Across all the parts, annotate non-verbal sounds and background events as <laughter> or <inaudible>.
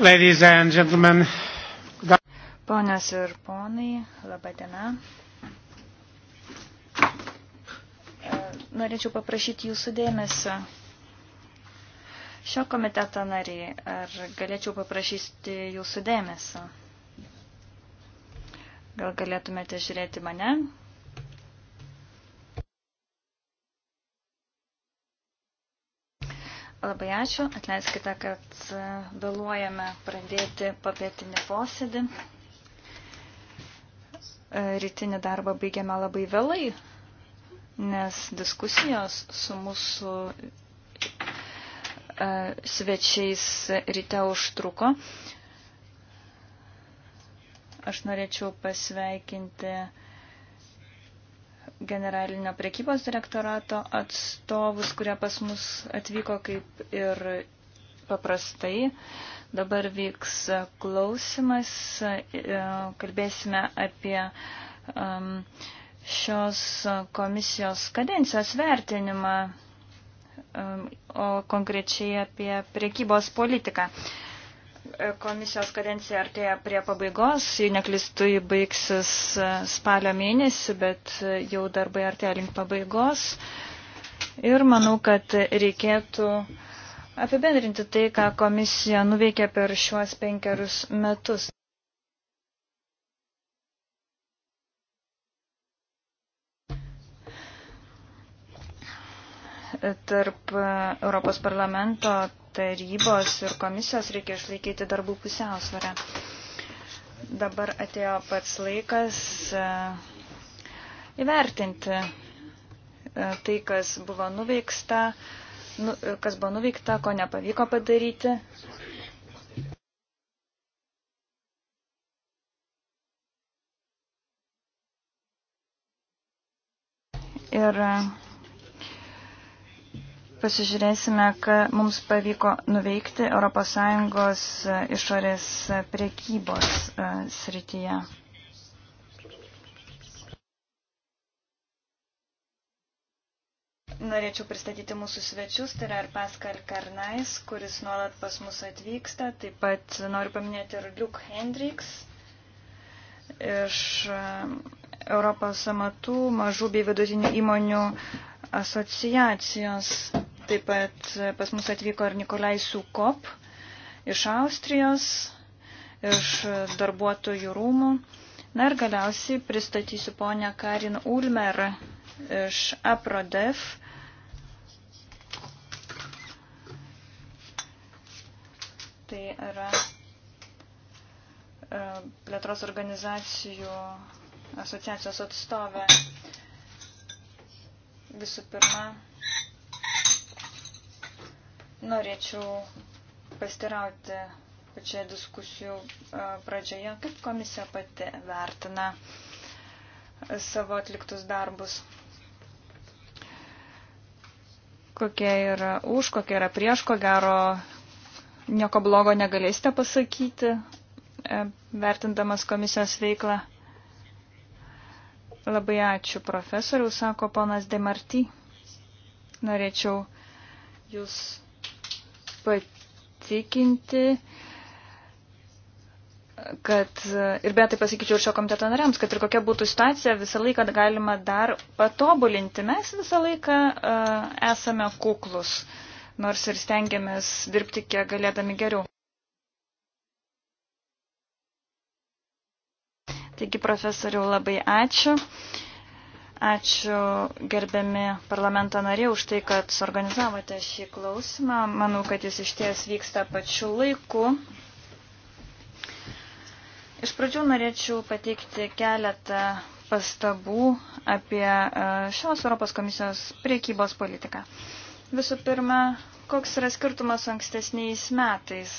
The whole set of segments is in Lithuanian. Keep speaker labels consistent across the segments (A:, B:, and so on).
A: Ladies and gentlemen.
B: Ponios ir ponai, laba diena. E, norėčiau paprašyti jūsų dėmesio. Šio komiteto nariai, ar galėčiau paprašyti jūsų dėmesio? Gal galėtumėte žiūrėti mane? Labai ačiū. Atleiskite, kad e, vėluojame pradėti papietinį posėdį. E, rytinį darbą baigiame labai vėlai, nes diskusijos su mūsų e, svečiais ryte užtruko. Aš norėčiau pasveikinti generalinio prekybos direktorato atstovus, kurie pas mus atvyko kaip ir paprastai. Dabar vyks klausimas, e, kalbėsime apie um, šios komisijos kadencijos vertinimą, um, o konkrečiai apie prekybos politiką. Komisijos kadencija artėja prie pabaigos, jei neklistu, jį baigsis e, spalio mėnesį, bet e, jau darbai artėja link pabaigos. Ir manau, kad reikėtų apibendrinti tai, ką komisija nuveikė per šiuos penkerius metus. Tarp e, Europos parlamento tarybos ir komisijos reikia išlaikyti darbų pusiausvarę. Dabar atėjo pats laikas e, įvertinti e, tai, kas buvo nuveiksta, nu, e, kas buvo nuveikta, ko nepavyko padaryti. Ir Pasižiūrėsime, ką mums pavyko nuveikti ES e, išorės e, priekybos e, srityje. Norėčiau pristatyti mūsų svečius, tai yra ir Pascal Karnais, kuris nuolat pas mus atvyksta, taip pat noriu paminėti ir Luke Hendricks iš Europos amatų mažų bei vidutinių įmonių asociacijos. Taip pat pas mus atvyko ir Nikolai Sukop iš Austrijos, iš darbuotojų rūmų. Na ir galiausiai pristatysiu ponę Karin Ulmer iš APRODEF. Tai yra e, plėtros organizacijų asociacijos atstovė. Visų pirma, Norėčiau pastirauti pačioje diskusijų pradžioje, kaip komisija pati vertina savo atliktus darbus. Kokie yra už, kokie yra prieš, ko gero nieko blogo negalėsite pasakyti, e, vertindamas komisijos veiklą. Labai ačiū profesoriau, sako ponas Demarty. Norėčiau jūs patikinti, kad ir betai pasakyčiau ir šio komiteto nariams, kad ir kokia būtų situacija, visą laiką galima dar patobulinti. Mes visą laiką uh, esame kuklus, nors ir stengiamės dirbti kiek galėdami geriau. Taigi, profesoriau, labai ačiū. Uh, Ačiū gerbiami parlamento nariai už tai, kad suorganizavote šį klausimą. Manau, kad jis iš ties vyksta pačiu laiku. Iš pradžių norėčiau pateikti keletą pastabų apie e, šios Europos komisijos priekybos politiką. Visų pirma, koks yra skirtumas ankstesniais metais?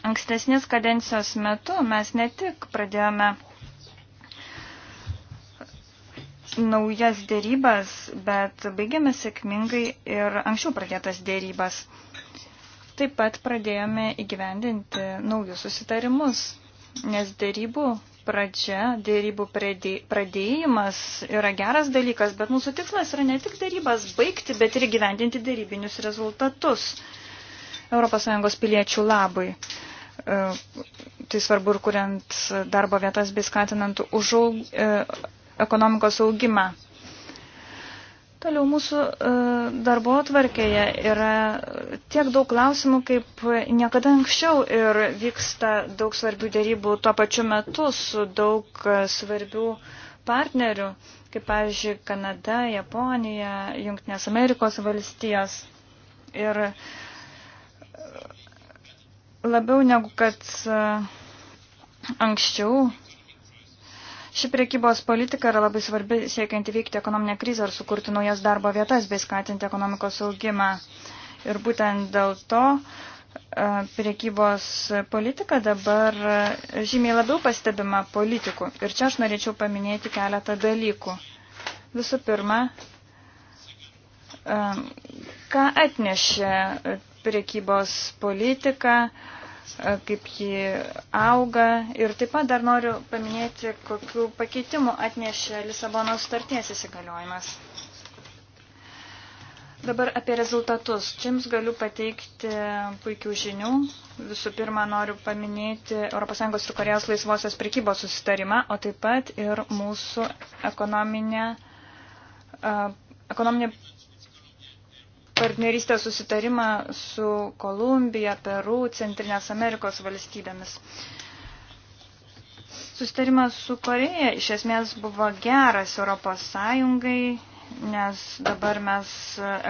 B: Ankstesnės kadencijos metu mes ne tik pradėjome naujas dėrybas, bet baigėme sėkmingai ir anksčiau pradėtas dėrybas. Taip pat pradėjome įgyvendinti naujus susitarimus, nes dėrybų pradžia, dėrybų pradėjimas yra geras dalykas, bet mūsų tikslas yra ne tik dėrybas baigti, bet ir gyvendinti dėrybinius rezultatus ES piliečių labui. E, tai svarbu ir kuriant darbo vietas bei skatinant užaug, e, ekonomikos augimą. Toliau mūsų e, darbo atvarkėje yra tiek daug klausimų, kaip niekada anksčiau ir vyksta daug svarbių dėrybų tuo pačiu metu su daug svarbių partnerių, kaip pavyzdžiui Kanada, Japonija, Junktinės Amerikos valstijos. Ir labiau negu kad e, anksčiau Ši priekybos politika yra labai svarbi siekiant įveikti ekonominę krizę ir sukurti naujas darbo vietas bei skatinti ekonomikos augimą. Ir būtent dėl to e, priekybos politika dabar e, žymiai labiau pastebima politikų. Ir čia aš norėčiau paminėti keletą dalykų. Visų pirma, e, ką atnešė priekybos politika, E, kaip ji auga. Ir taip pat dar noriu paminėti, kokiu pakeitimu atnešė Lisabonos starties įsigaliojimas. Dabar apie rezultatus. Čia jums galiu pateikti puikių žinių. Visų pirma, noriu paminėti ES ir Korejos laisvosios prekybos susitarimą, o taip pat ir mūsų ekonominę, e, ekonominį partnerystės susitarimą su Kolumbija, Peru, Centrinės Amerikos valstybėmis. Susitarimas su Koreja iš esmės buvo geras Europos Sąjungai, nes dabar mes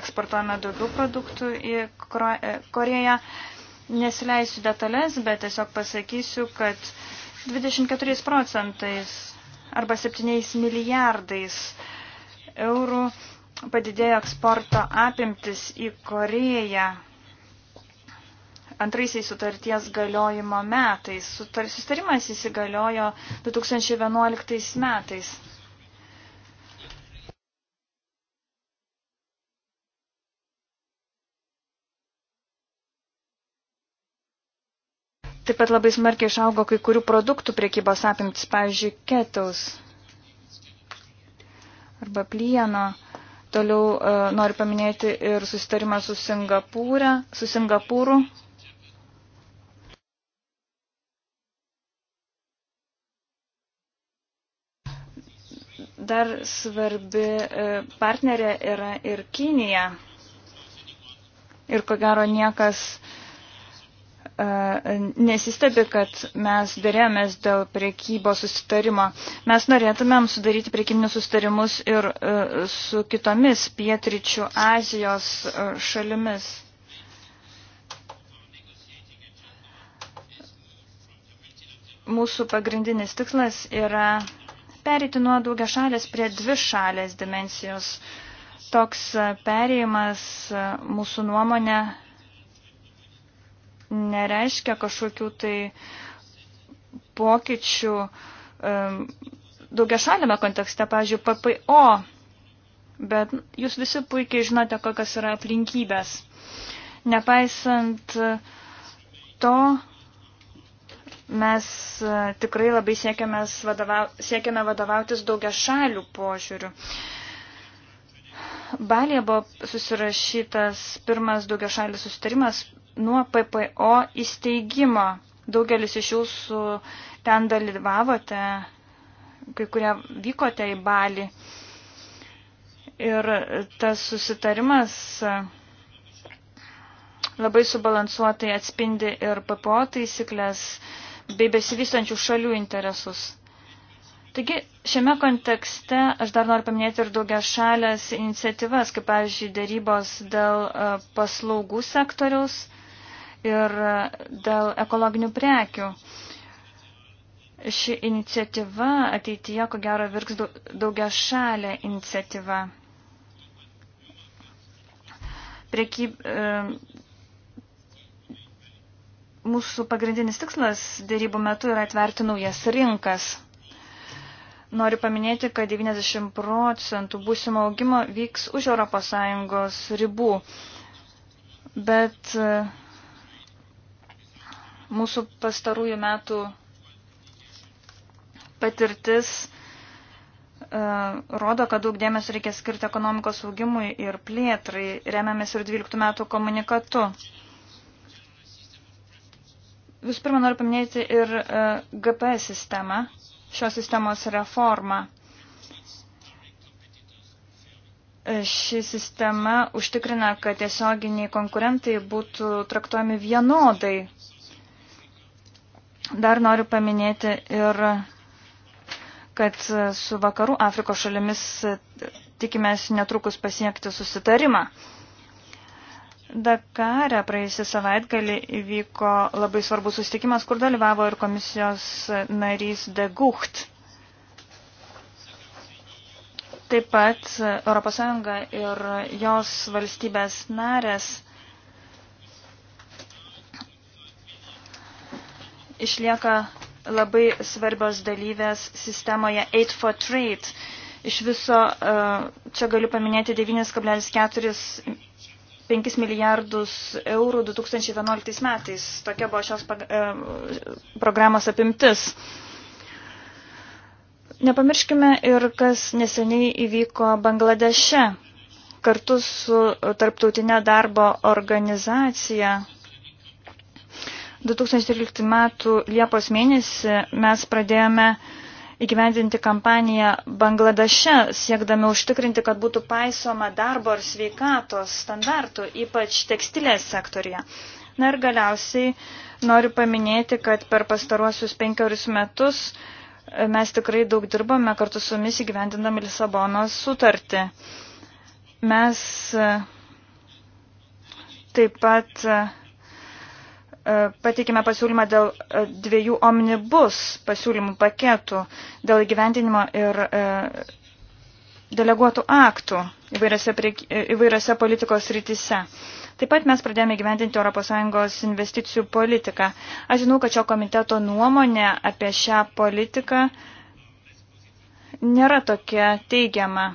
B: eksportuojame daugiau produktų į e, Koreją. Nesileisiu detalės, bet tiesiog pasakysiu, kad 24 procentais arba 7 milijardais eurų padidėjo eksporto apimtis į Koreją antraisiais sutarties galiojimo metais. Sutar, sustarimas įsigaliojo 2011 metais. Taip pat labai smarkiai išaugo kai kurių produktų priekybos apimtis, pavyzdžiui, ketaus arba plieno. Toliau e, noriu paminėti ir susitarimą su, Singapūrė, su Singapūru. Dar svarbi e, partnerė yra ir Kinija. Ir ko gero niekas E, nesistebi, kad mes dėrėmės dėl priekybos susitarimo. Mes norėtumėm sudaryti priekybinius susitarimus ir e, su kitomis pietričių Azijos e, šalimis. Mūsų pagrindinis tikslas yra perėti nuo daugia šalės prie dvi šalės dimensijos. Toks perėjimas mūsų nuomonė nereiškia kažkokių tai pokyčių um, daugia šalime kontekste, pavyzdžiui, PPO, bet jūs visi puikiai žinote, kokias yra aplinkybės. Nepaisant to, mes e, tikrai labai siekiame, vadovau, siekiame vadovautis daugia šalių požiūrių. Balėje buvo susirašytas pirmas daugia šalių sustarimas nuo PPO įsteigimo. Daugelis iš jūsų ten dalyvavote, kai kurie vykote į balį. Ir tas susitarimas labai subalansuotai atspindi ir PPO taisyklės bei besivystančių šalių interesus. Taigi šiame kontekste aš dar noriu paminėti ir daugia šalės iniciatyvas, kaip pavyzdžiui, dėrybos dėl e, paslaugų sektoriaus ir dėl ekologinių prekių. Ši iniciatyva ateityje, ko gero, virks daugia šalė iniciatyva. Priekyb, e, mūsų pagrindinis tikslas dėrybų metu yra atverti naujas rinkas. Noriu paminėti, kad 90 procentų būsimo augimo vyks už ES ribų. Bet e, Mūsų pastarųjų metų patirtis e, rodo, kad daug dėmesio reikia skirti ekonomikos augimui ir plėtrai, remiamės ir 12 metų komunikatu. Visų pirma, noriu paminėti ir e, GPS sistemą, šios sistemos reformą. E, ši sistema užtikrina, kad tiesioginiai konkurentai būtų traktuojami vienodai Dar noriu paminėti ir, kad su vakarų Afrikos šalimis tikimės netrukus pasiekti susitarimą. Dakare praėjusį savaitgalį įvyko labai svarbus susitikimas, kur dalyvavo ir komisijos narys De Gucht. Taip pat ES ir jos valstybės narės išlieka labai svarbios dalyvės sistemoje 8 for Trade. Iš viso e, čia galiu paminėti 9,45 milijardus eurų 2011 metais. Tokia buvo šios e, programos apimtis. Nepamirškime ir kas neseniai įvyko Bangladeše. Kartu su tarptautinė darbo organizacija 2013 m. Liepos mėnesį mes pradėjome įgyvendinti kampaniją Bangladeše, siekdami užtikrinti, kad būtų paisoma darbo ir sveikatos standartų, ypač tekstilės sektorija. Na ir galiausiai noriu paminėti, kad per pastaruosius penkerius metus e, mes tikrai daug dirbame kartu su jumis įgyvendindami Lisabonos sutartį. Mes e, taip pat e, E, pateikime pasiūlymą dėl e, dviejų omnibus pasiūlymų paketų dėl įgyvendinimo ir e, deleguotų aktų įvairiose, prie, įvairiose politikos rytise. Taip pat mes pradėjome gyventinti ES investicijų politiką. Aš žinau, kad šio komiteto nuomonė apie šią politiką nėra tokia teigiama.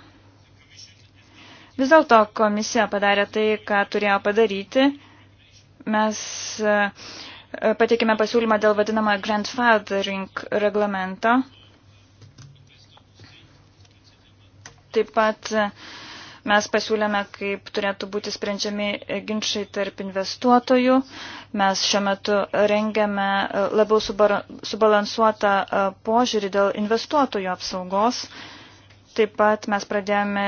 B: Vis dėlto komisija padarė tai, ką turėjo padaryti Mes e, pateikėme pasiūlymą dėl vadinamą grandfathering reglamento. Taip pat e, mes pasiūlėme, kaip turėtų būti sprendžiami ginčiai tarp investuotojų. Mes šiuo metu rengiame e, labiau subalansuotą požiūrį dėl investuotojų apsaugos. Taip pat mes pradėjome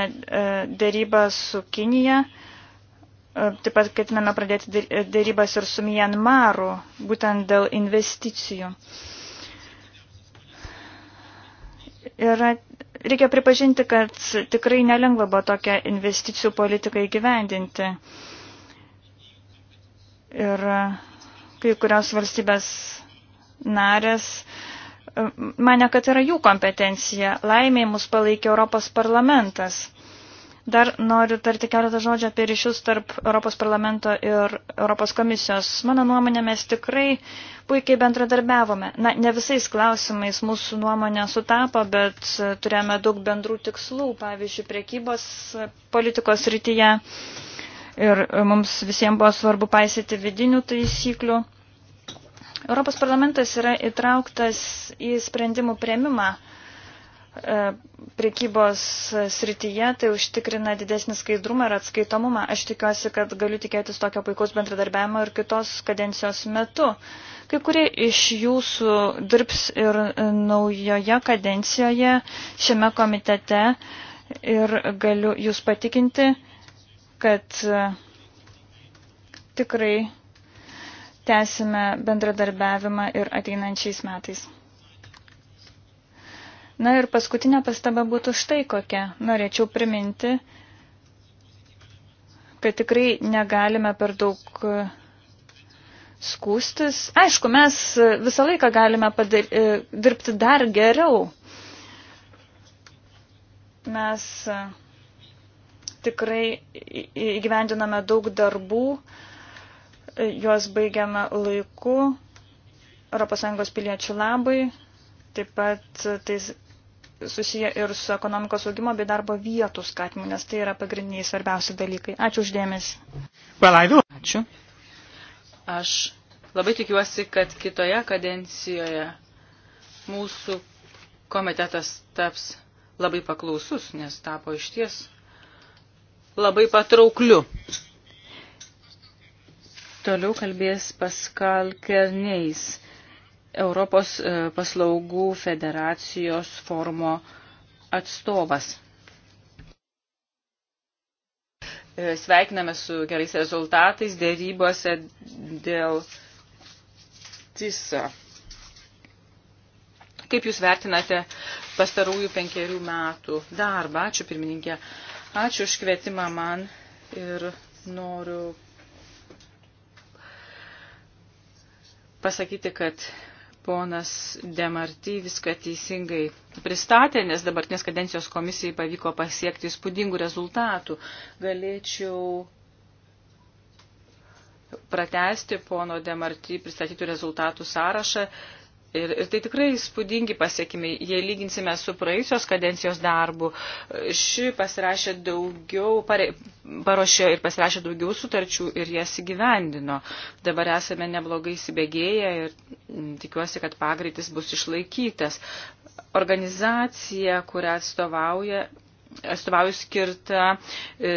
B: dėrybą su Kinija Taip pat ketiname pradėti dėrybas ir su Myanmaru, būtent dėl investicijų. Yra, reikia pripažinti, kad tikrai nelengva buvo tokią investicijų politiką įgyvendinti. Ir kai kurios valstybės narės mane, kad yra jų kompetencija. Laimiai mus palaikė Europos parlamentas. Dar noriu tarti keletą žodžių apie ryšius tarp Europos parlamento ir Europos komisijos. Mano nuomonė, mes tikrai puikiai bendradarbiavome. Na, ne visais klausimais mūsų nuomonė sutapo, bet turėjome daug bendrų tikslų, pavyzdžiui, priekybos politikos rytyje. Ir mums visiems buvo svarbu paisyti vidinių taisyklių. Europos parlamentas yra įtrauktas į sprendimų prieimimą E, prekybos srityje, tai užtikrina didesnį skaidrumą ir atskaitomumą. Aš tikiuosi, kad galiu tikėtis tokio puikaus bendradarbiavimo ir kitos kadencijos metu. Kai kurie iš jūsų dirbs ir naujoje kadencijoje šiame komitete ir galiu jūs patikinti, kad e, tikrai tęsime bendradarbiavimą ir ateinančiais metais. Na ir paskutinė pastaba būtų štai kokia. Norėčiau priminti, kad tikrai negalime per daug e, skūstis. Aišku, mes visą laiką galime padar, e, dirbti dar geriau. Mes e, tikrai įgyvendiname daug darbų, juos baigiame laiku, ES piliečių labai, taip pat tais susiję ir su ekonomikos augimo bei darbo vietų skatimu, nes tai yra pagrindiniai svarbiausi dalykai. Ačiū uždėmesi.
A: Palaidu. Ačiū. Aš labai tikiuosi, kad kitoje kadencijoje mūsų komitetas taps labai paklausus, nes tapo išties labai patraukliu. Toliau kalbės Paskal Kerneis Europos e, paslaugų federacijos formo atstovas. E, sveikiname su gerais rezultatais dėrybose dėl TISA. Kaip Jūs vertinate pastarųjų penkerių metų darbą? Ačiū pirmininkė. Ačiū už kvietimą man ir noriu pasakyti, kad ponas Demarty viską teisingai pristatė, nes dabartinės kadencijos komisijai pavyko pasiekti įspūdingų rezultatų. Galėčiau pratesti pono Demarty pristatytų rezultatų sąrašą Ir, ir tai tikrai įspūdingi pasiekimai. Jei lyginsime su praėjusios kadencijos darbu, ši pasirašė daugiau, pare, paruošė ir pasirašė daugiau sutarčių ir jas įgyvendino. Dabar esame neblogai įsibėgėję ir mm, tikiuosi, kad pagreitis bus išlaikytas. Organizacija, kurią atstovauja. Atstovauju skirta e,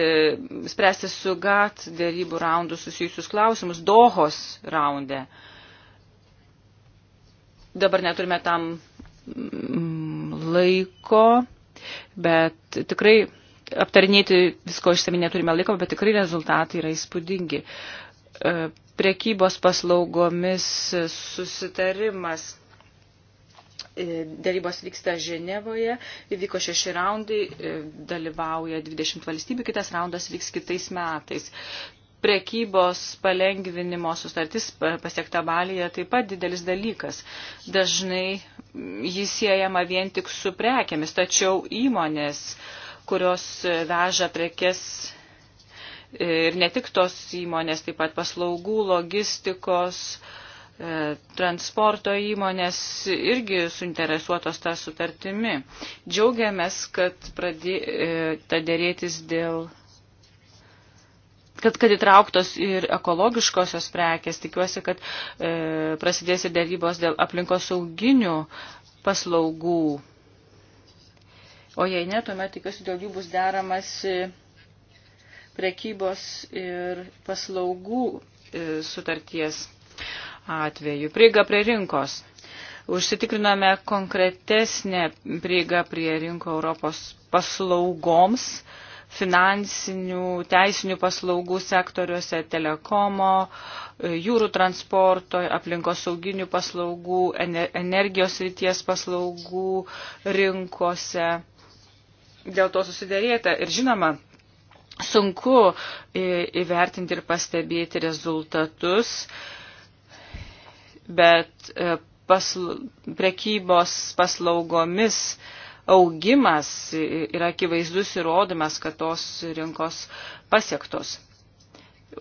A: spręsti su GAT dėrybų raundų susijusius klausimus Dohos raunde. E, Dabar neturime tam mm, laiko, bet tikrai aptarinėti visko išsami neturime laiko, bet tikrai rezultatai yra įspūdingi. E, Prekybos paslaugomis susitarimas. E, dėrybos vyksta Ženevoje, įvyko šeši raundai, e, dalyvauja 20 valstybių, kitas raundas vyks kitais metais prekybos palengvinimo sutartis pasiekta Balyje taip pat didelis dalykas. Dažnai jis siejama vien tik su prekiamis, tačiau įmonės, kurios veža prekes ir ne tik tos įmonės, taip pat paslaugų, logistikos, e, transporto įmonės irgi suinteresuotos tą sutartimi. Džiaugiamės, kad pradė, e, ta dėrėtis dėl kad, kad įtrauktos ir ekologiškosios prekės. Tikiuosi, kad e, prasidės ir dėrybos dėl aplinkos sauginių paslaugų. O jei ne, tuomet tikiuosi dėl jų bus deramasi prekybos ir paslaugų e, sutarties atveju. Prieiga prie rinkos. Užsitikriname konkretesnę prieigą prie rinko Europos paslaugoms. E, finansinių, teisinių paslaugų sektoriuose, telekomo, e, jūrų transporto, aplinkosauginių paslaugų, energijos ryties paslaugų rinkose. Dėl to susidėrėta ir žinoma, sunku e, įvertinti ir pastebėti rezultatus, bet e, pasl prekybos paslaugomis uh, augimas yra akivaizdus įrodymas, kad tos rinkos pasiektos.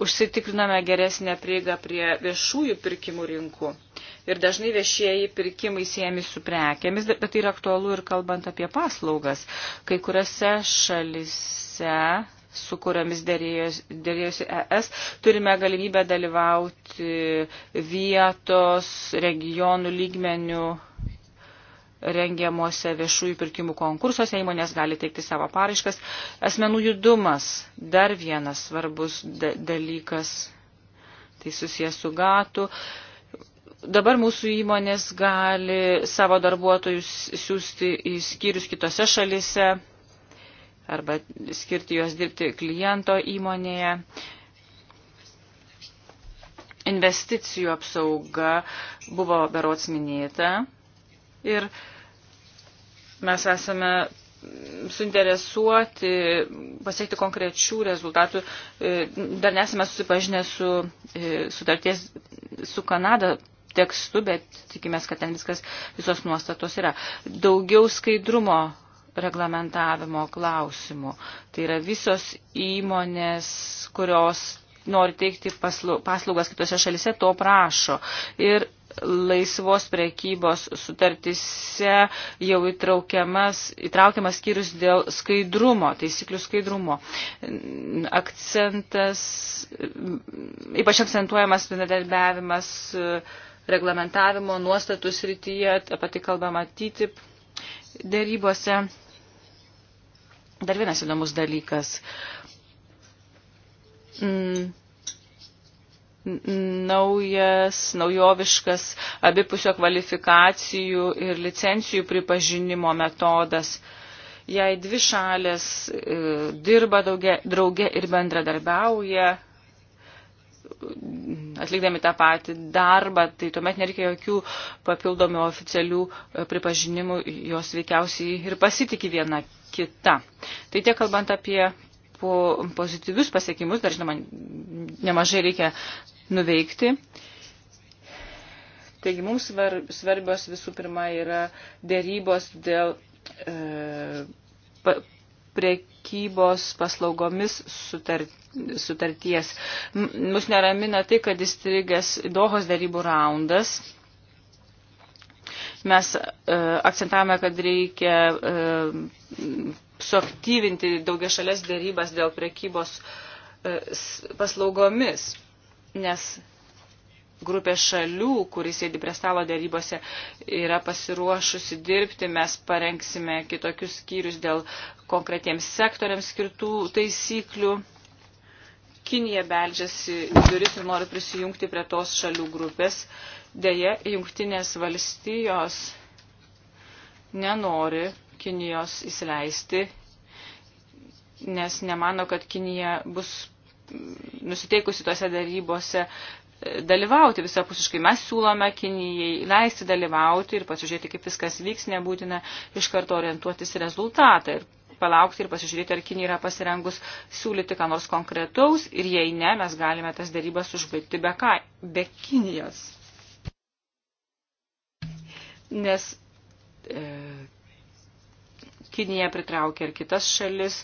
A: Užsitikriname geresnę prieigą prie viešųjų pirkimų rinkų. Ir dažnai viešieji pirkimai siejami su prekėmis, bet tai yra aktualu ir kalbant apie paslaugas. Kai kuriuose šalise su kuriomis dėrėjosi ES, turime galimybę dalyvauti vietos, regionų lygmenių rengiamuose viešųjų pirkimų konkursuose įmonės gali teikti savo paraiškas. Asmenų judumas – dar vienas svarbus dalykas, tai susijęs su gatu. Dabar mūsų įmonės gali savo darbuotojus siūsti į skyrius kitose šalise arba skirti juos dirbti kliento įmonėje. Investicijų apsauga buvo berots minėta ir mes esame suinteresuoti pasiekti konkrečių rezultatų. E, dar nesame susipažinę su e, sutarties su Kanada tekstu, bet tikimės, kad ten viskas visos nuostatos yra. Daugiau skaidrumo reglamentavimo klausimų. Tai yra visos įmonės, kurios nori teikti paslaugas kitose šalise, to prašo. Ir laisvos prekybos sutartise jau įtraukiamas, įtraukiamas skyrius dėl skaidrumo, taisyklių skaidrumo. Akcentas, ypač akcentuojamas bendradarbiavimas e, reglamentavimo nuostatų srityje, apie tai kalbama TTIP dėrybose. Dar vienas įdomus dalykas. Mm naujas, naujoviškas abipusio kvalifikacijų ir licencijų pripažinimo metodas. Jei dvi šalės e, dirba daugia, drauge ir bendradarbiauja, atlikdami tą patį darbą, tai tuomet nereikia jokių papildomų oficialių e, pripažinimų, jos veikiausiai ir pasitikė viena kita. Tai tiek kalbant apie po pozityvius pasiekimus, dar žinoma, nemažai reikia nuveikti. Taigi mums svarbios visų pirma yra dėrybos dėl e, pa, priekybos paslaugomis sutart, sutarties. Mus neramina tai, kad įstrigęs Dohos darybų raundas. Mes e, akcentavome, kad reikia e, suaktyvinti daugia šalės darybas dėl priekybos e, paslaugomis nes grupė šalių, kuris sėdi prie stalo dėrybose, yra pasiruošusi dirbti. Mes parengsime kitokius skyrius dėl konkretiems sektoriams skirtų taisyklių. Kinija beldžiasi į duris ir nori prisijungti prie tos šalių grupės. Deja, jungtinės valstijos nenori Kinijos įsileisti, nes nemano, kad Kinija bus nusiteikusi tose darybose e, dalyvauti visapusiškai. Mes siūlome Kinijai leisti dalyvauti ir pasižiūrėti, kaip viskas vyks, nebūtina iš karto orientuotis į rezultatą ir palaukti ir pasižiūrėti, ar Kinija yra pasirengus siūlyti ką nors konkretaus ir jei ne, mes galime tas darybas užbaigti be, ką, be Kinijos. Nes e, Kinija pritraukė ir kitas šalis,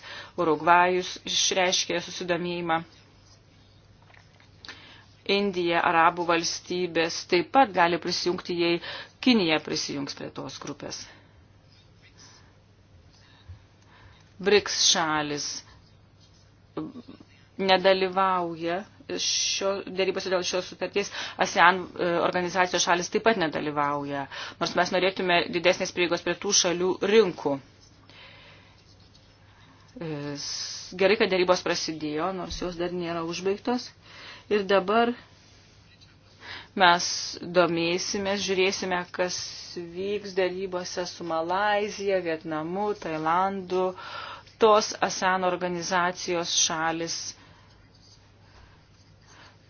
A: Urugvajus išreiškė susidomėjimą. Indija, arabų valstybės taip pat gali prisijungti, jei Kinija prisijungs prie tos grupės. BRICS šalis nedalyvauja šio, dėrybose dėl šios sutarties, ASEAN e, organizacijos šalis taip pat nedalyvauja, nors mes norėtume didesnės prieigos prie tų šalių rinkų. Gerai, kad dėrybos prasidėjo, nors jos dar nėra užbaigtos. Ir dabar mes domėsime, žiūrėsime, kas vyks dėrybose su Malazija, Vietnamu, Tailandu, tos ASEAN organizacijos šalis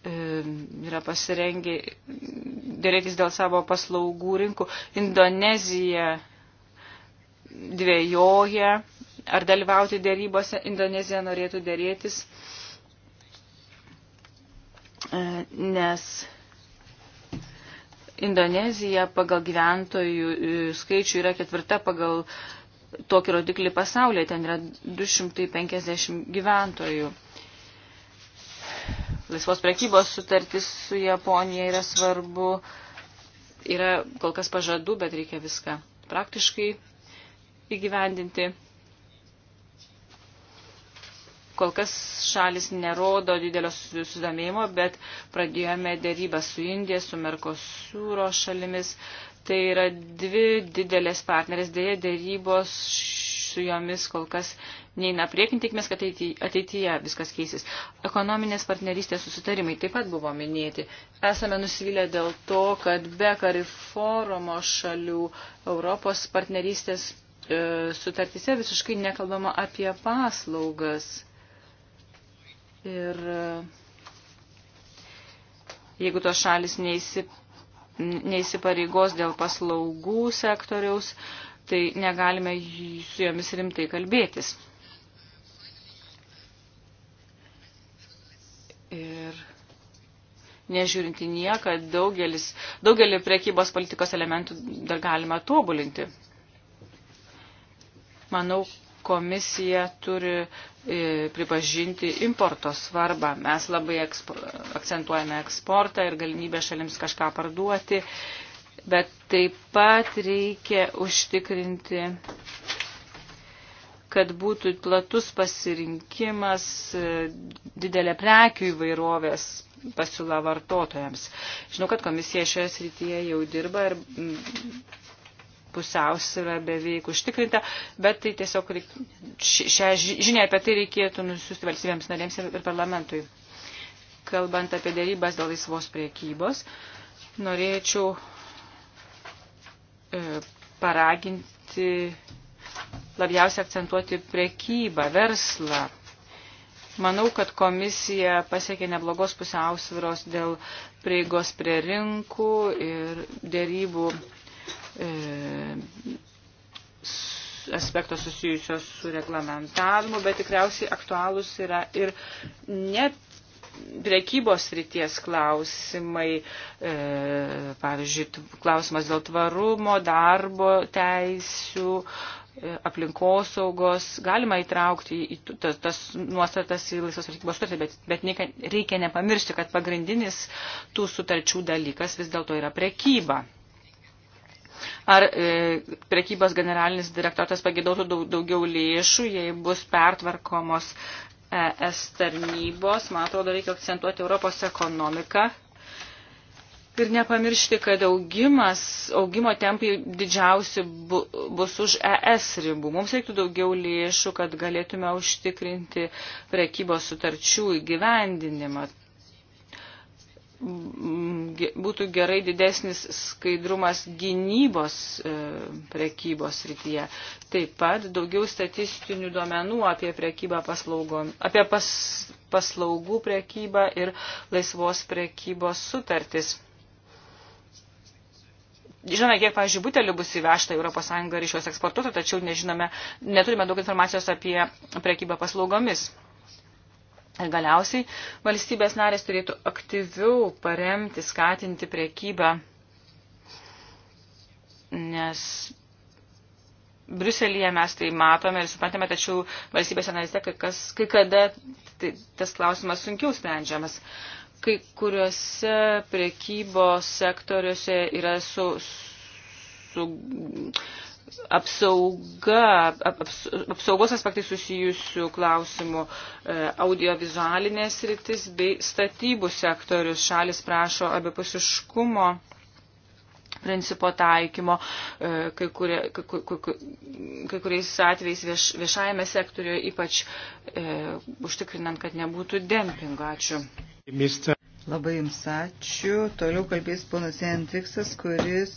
A: yra pasirengę dėrėtis dėl savo paslaugų rinkų. Indonezija dvėjoja, ar dalyvauti dėrybose. Indonezija norėtų dėrėtis, e, nes Indonezija pagal gyventojų e, skaičių yra ketvirta pagal tokį rodiklį pasaulyje, ten yra 250 gyventojų. Laisvos prekybos sutartis su Japonija yra svarbu, yra kol kas pažadų, bet reikia viską praktiškai įgyvendinti. Kol kas šalis nerodo didelio susidomėjimo, bet pradėjome dėrybą su Indija, su Merkosūro šalimis. Tai yra dvi didelės partnerės, dėja dėrybos su jomis kol kas neina priekin, tikimės, kad ateityje viskas keisis. Ekonominės partnerystės susitarimai taip pat buvo minėti. Esame nusivylę dėl to, kad be kariforumo šalių Europos partnerystės e, sutartise visiškai nekalbama apie paslaugas. Ir e, jeigu tos šalis neįsip, neįsipareigos dėl paslaugų sektoriaus, tai negalime su jomis rimtai kalbėtis. Ir nežiūrint į nieką, daugelis, daugelį priekybos politikos elementų dar galima tobulinti. Manau, komisija turi e, pripažinti importo svarbą. Mes labai ekspo, akcentuojame eksportą ir galimybę šalims kažką parduoti, bet taip pat reikia užtikrinti, kad būtų platus pasirinkimas, e, didelė prekių įvairovės pasiūla vartotojams. Žinau, kad komisija šioje srityje jau dirba ir pusiausvyrą beveik užtikrinta, bet tai tiesiog reik, šią žinią apie tai reikėtų nusiųsti valstybėms narėms ir, ir parlamentui. Kalbant apie dėrybas dėl laisvos priekybos, norėčiau e, paraginti labiausiai akcentuoti priekybą, verslą. Manau, kad komisija pasiekė neblogos pusiausvyros dėl prieigos prie rinkų ir dėrybų E, aspekto susijusios su reglamentavimu, bet tikriausiai aktualūs yra ir net priekybos ryties klausimai, e, pavyzdžiui, klausimas dėl tvarumo, darbo teisių, e, aplinkosaugos, galima įtraukti į tas, tas nuostatas į laisvos valstybės sutartį, bet, bet reikia nepamiršti, kad pagrindinis tų sutarčių dalykas vis dėlto yra prekyba. Ar e, prekybos generalinis direktoratas pagėdautų daug, daugiau lėšų, jei bus pertvarkomos e, ES tarnybos. Man atrodo, reikia akcentuoti Europos ekonomiką. Ir nepamiršti, kad augimas, augimo tempai didžiausi bu, bus už ES ribų. Mums reiktų daugiau lėšų, kad galėtume užtikrinti prekybos sutarčių įgyvendinimą būtų gerai didesnis skaidrumas gynybos e, prekybos rytyje. Taip pat daugiau statistinių duomenų apie prekybą paslaugom, apie pas, paslaugų prekybą ir laisvos prekybos sutartis. Žinome, kiek, pavyzdžiui, butelių bus įvežta ES ir iš jos eksportuota, tačiau nežinome, neturime daug informacijos apie prekybą paslaugomis. Galiausiai valstybės narės turėtų aktyviau paremti, skatinti priekybą, nes Briuselėje mes tai matome ir suprantame, tačiau valstybės analizė, kai, kas, kai kada tai, tas klausimas sunkiau sprendžiamas. Kai kuriuose priekybos sektoriuose yra su, su apsauga, aps, apsaugos aspektai susijusių klausimų e, audiovizualinės rytis bei statybų sektorius. Šalis prašo abipusiškumo principo taikymo, e, kai, kurie, kai, kai, kai kuriais atvejais vieš, viešajame sektoriuje, ypač e, užtikrinant, kad nebūtų dempingo. Ačiū.
C: Mister. Labai jums ačiū. Toliau kalbės ponas Entriksas, kuris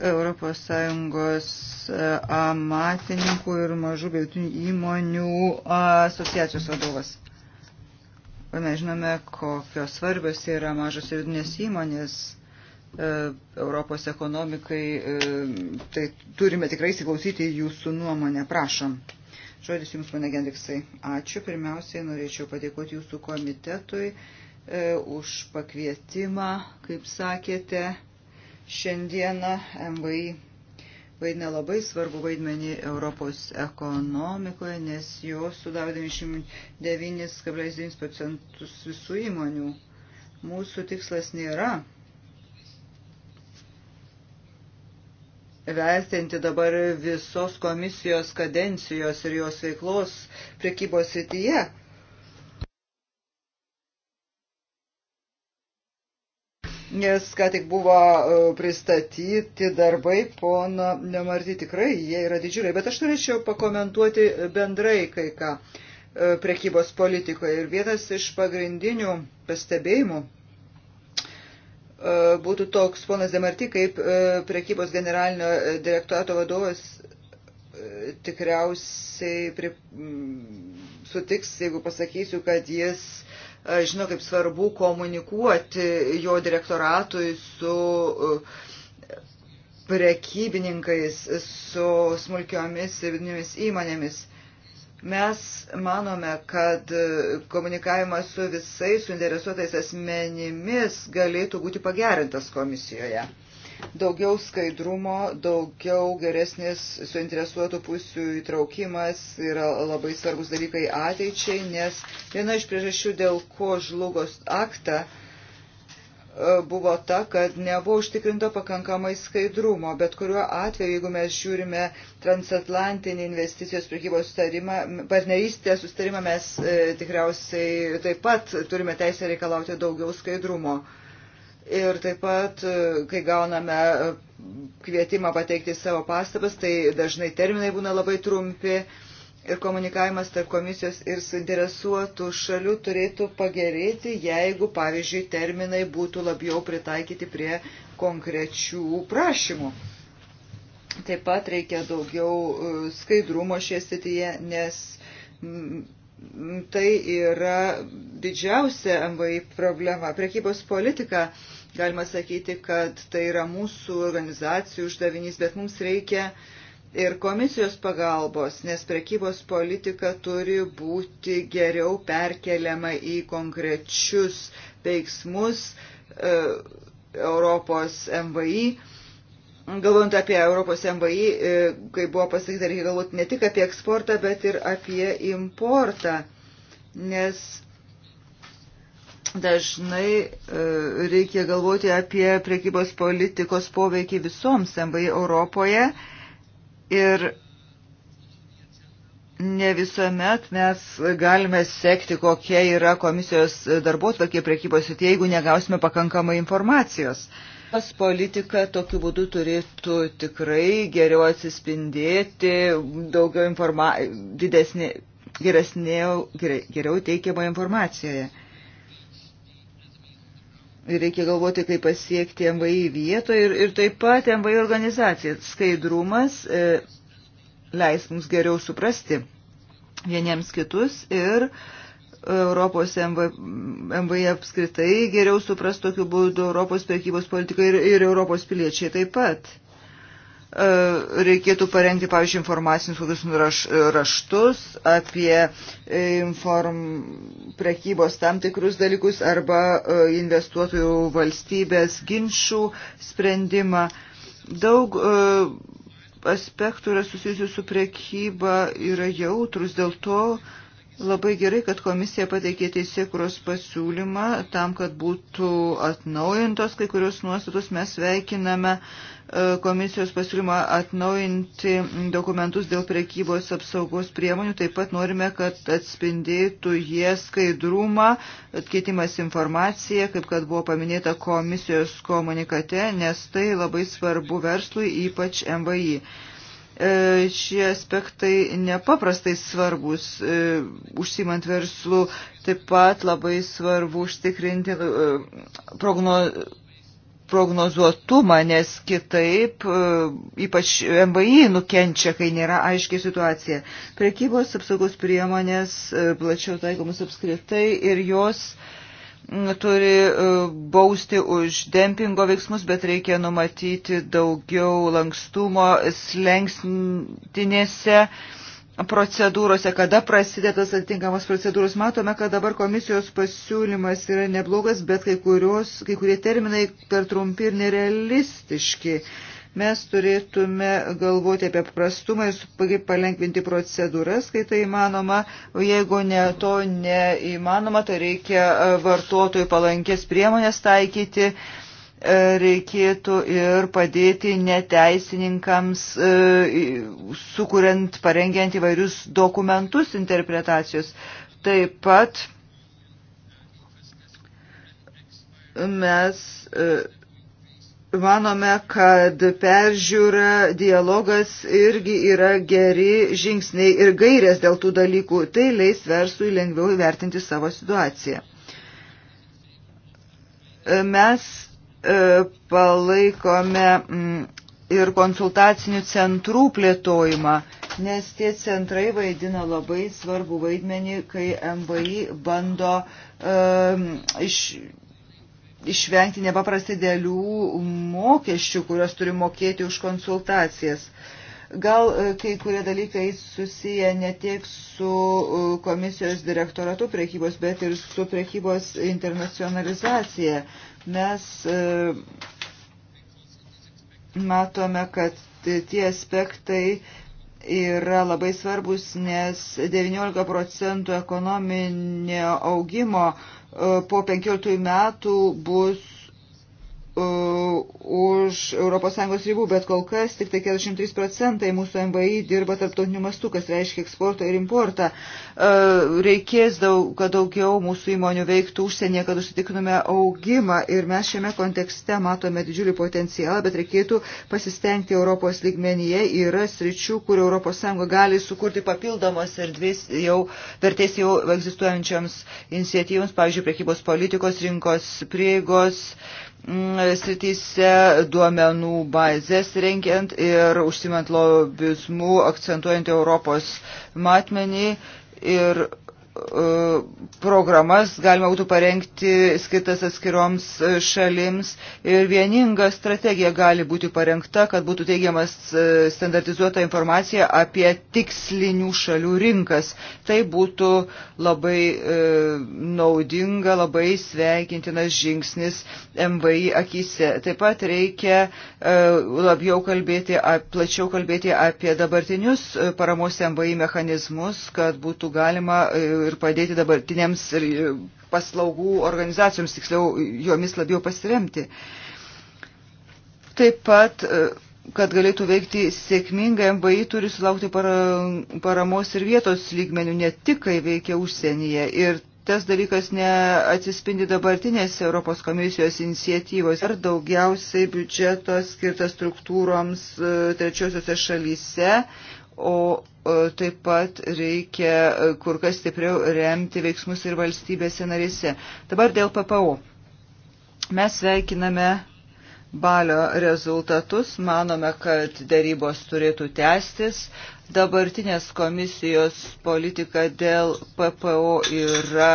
C: ES e, amatininkų ir mažų beitinių įmonių asociacijos vadovas. Mes žinome, kokios svarbios yra mažos ir vidinės įmonės e, Europos ekonomikai. E, tai turime tikrai įsiklausyti jūsų nuomonę. Prašom. Žodis Jums, pane Gendriksai. Ačiū. Pirmiausiai norėčiau padėkoti Jūsų komitetui e, už pakvietimą, kaip sakėte Šiandieną MVI vaidina labai svarbu vaidmenį Europos ekonomikoje, nes jos sudaro 99,9 procentus visų įmonių. Mūsų tikslas nėra vertinti dabar visos komisijos kadencijos ir jos veiklos prekybos srityje. nes ką tik buvo e, pristatyti darbai, pono Nemarti tikrai, jie yra didžiuliai, bet aš norėčiau pakomentuoti bendrai kai ką e, prekybos politikoje. Ir vienas iš pagrindinių pastebėjimų e, būtų toks ponas Demarti, kaip prekybos generalinio direktorato vadovas tikriausiai pri, sutiks, jeigu pasakysiu, kad jis uh, E, žino, kaip svarbu komunikuoti jo direktoratui su e, prekybininkais, su smulkiomis ir vidinėmis įmonėmis. Mes manome, kad e, komunikavimas su visais suinteresuotais asmenimis galėtų būti pagerintas komisijoje. Daugiau skaidrumo, daugiau geresnis suinteresuotų pusių įtraukimas yra labai svarbus dalykai ateičiai, nes viena iš priežasčių, dėl ko žlugos aktą, e, buvo ta, kad nebuvo užtikrinta pakankamai skaidrumo, bet kuriuo atveju, jeigu mes žiūrime transatlantinį investicijos prekybos sustarimą, partnerystės sustarimą, mes e, tikriausiai taip pat turime teisę reikalauti daugiau skaidrumo. E, Ir taip pat, e, kai gauname e, kvietimą pateikti savo pastabas, tai dažnai terminai būna labai trumpi ir komunikavimas tarp komisijos ir suinteresuotų šalių turėtų pagerėti, jeigu, pavyzdžiui, terminai būtų labiau pritaikyti prie konkrečių prašymų. Taip pat reikia daugiau e, skaidrumo šie srityje, nes tai yra didžiausia MVI problema. Prekybos politika, galima sakyti, kad tai yra mūsų organizacijų uždavinys, bet mums reikia ir komisijos pagalbos, nes prekybos politika turi būti geriau perkeliama į konkrečius veiksmus e, Europos MVI galvojant apie Europos MVI, e, kai buvo pasakyta, reikia galvoti ne tik apie eksportą, bet ir apie importą, nes dažnai e, reikia galvoti apie priekybos politikos poveikį visoms MVI Europoje ir ne visuomet mes galime sekti, kokia yra komisijos darbo tvarkė priekybos srityje, jeigu negausime pakankamai informacijos. Uh, Tas politika tokiu būdu turėtų tikrai geriau atsispindėti, daugiau informa didesnė, geresnė, geriau teikiama informacijoje. Ir reikia galvoti, kaip pasiekti MVI vietoje ir, ir taip pat MVI organizacija. Skaidrumas e, leis mums geriau suprasti vieniems kitus ir e, Europos MVI apskritai geriau supras tokiu būdu Europos prekybos politiką ir, ir Europos piliečiai taip pat. E, reikėtų parengti, pavyzdžiui, informacinius kokius raš, raštus apie inform, prekybos tam tikrus dalykus arba e, investuotojų valstybės ginčių sprendimą. Daug e, aspektų yra susijusių su prekyba, yra jautrus, dėl to uh, Labai gerai, kad komisija pateikė teisėkuros pasiūlymą tam, kad būtų atnaujintos kai kurios nuostatos. Mes veikiname e, komisijos pasiūlymą atnaujinti dokumentus dėl prekybos apsaugos priemonių. Taip pat norime, kad atspindėtų jie skaidrumą, atkeitimas informacija, kaip kad buvo paminėta komisijos komunikate, nes tai labai svarbu verslui, ypač MVI. E, šie aspektai nepaprastai svarbus e, užsimant verslų, taip pat labai svarbu užtikrinti e, progno, prognozuotumą, nes kitaip ypač MVI nukenčia, kai nėra aiškiai situacija. Prekybos apsaugos priemonės plačiau taikomus apskritai ir jos uh, turi e, bausti už dempingo veiksmus, bet reikia numatyti daugiau lankstumo slengstinėse procedūrose, kada prasidėtas atitinkamos procedūros. Matome, kad dabar komisijos pasiūlymas yra neblogas, bet kai, kurios, kai kurie terminai per trumpi ir nerealistiški. Uh, Mes turėtume galvoti apie paprastumą ir palengvinti procedūras, kai tai įmanoma. Jeigu ne, to neįmanoma, tai reikia e, vartotojų palankės priemonės taikyti e, reikėtų ir padėti neteisininkams, e, sukuriant, parengiant įvairius dokumentus interpretacijos. Taip pat mes Manome, kad peržiūra, dialogas irgi yra geri žingsniai ir gairės dėl tų dalykų. Tai leis versui lengviau įvertinti savo situaciją. Mes e, palaikome mm, ir konsultacinių centrų plėtojimą, nes tie centrai vaidina labai svarbu vaidmenį, kai MVI bando um, iš išvengti nepaprastai dėlių mokesčių, kurios turi mokėti už konsultacijas. Gal e, kai kurie dalykai susiję ne tiek su e, komisijos direktoratu priekybos, bet ir su priekybos internacionalizacija. Mes e, matome, kad tie aspektai yra labai svarbus, nes 19 procentų ekonominio augimo po 15 metų bus E, už ES ribų, bet kol kas tik tai 43 procentai mūsų MVI dirba tarptautiniu mastu, kas reiškia eksportą ir importą. E, reikės, daug, kad daugiau mūsų įmonių veiktų užsienyje, kad užsitiknume augimą ir mes šiame kontekste matome didžiulį potencialą, bet reikėtų pasistengti Europos lygmenyje. Yra sričių, kur ES gali sukurti papildomos erdvės jau vertės jau egzistuojančioms iniciatyvams, pavyzdžiui, prekybos politikos, rinkos prieigos, Mm, srityse, duomenų bazės rengiant ir užsimant lobizmų, akcentuojant Europos matmenį ir E, programas galima būtų parengti skirtas atskiroms e, šalims ir vieninga strategija gali būti parengta, kad būtų teigiamas e, standartizuota informacija apie tikslinių šalių rinkas. Tai būtų labai naudinga, labai sveikintinas žingsnis MVI akise. Taip pat reikia labiau kalbėti, plačiau kalbėti apie dabartinius paramos MVI mechanizmus, kad būtų galima ir padėti dabartinėms e, paslaugų organizacijoms, tiksliau, jomis labiau pasiremti. Taip pat, e, kad galėtų veikti sėkmingai, MVI turi sulaukti paramos ir vietos lygmenių, ne tik, kai veikia užsienyje. Ir tas dalykas neatsispindi dabartinės Europos komisijos iniciatyvos. Ar daugiausiai biudžeto skirtas struktūroms e, trečiosiuose šalyse, o taip pat reikia e, kur kas stipriau remti veiksmus ir valstybėse narėse. Dabar dėl PPO. Mes sveikiname balio rezultatus, manome, kad darybos turėtų tęstis. Dabartinės komisijos politika dėl PPO yra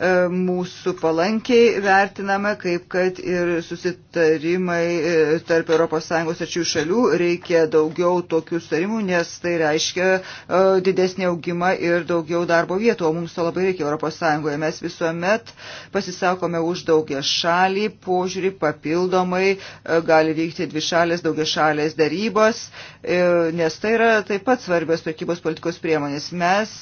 C: mūsų palankiai vertiname, kaip kad ir susitarimai e, tarp ES ačių šalių reikia daugiau tokių sutarimų, nes tai reiškia e, didesnį augimą ir daugiau darbo vietų, o mums to labai reikia ES. Mes visuomet pasisakome už daugia šalį, požiūrį papildomai e, gali vykti dvi šalės, daugia šalės darybos, nes tai yra taip pat svarbios prekybos politikos priemonės. Mes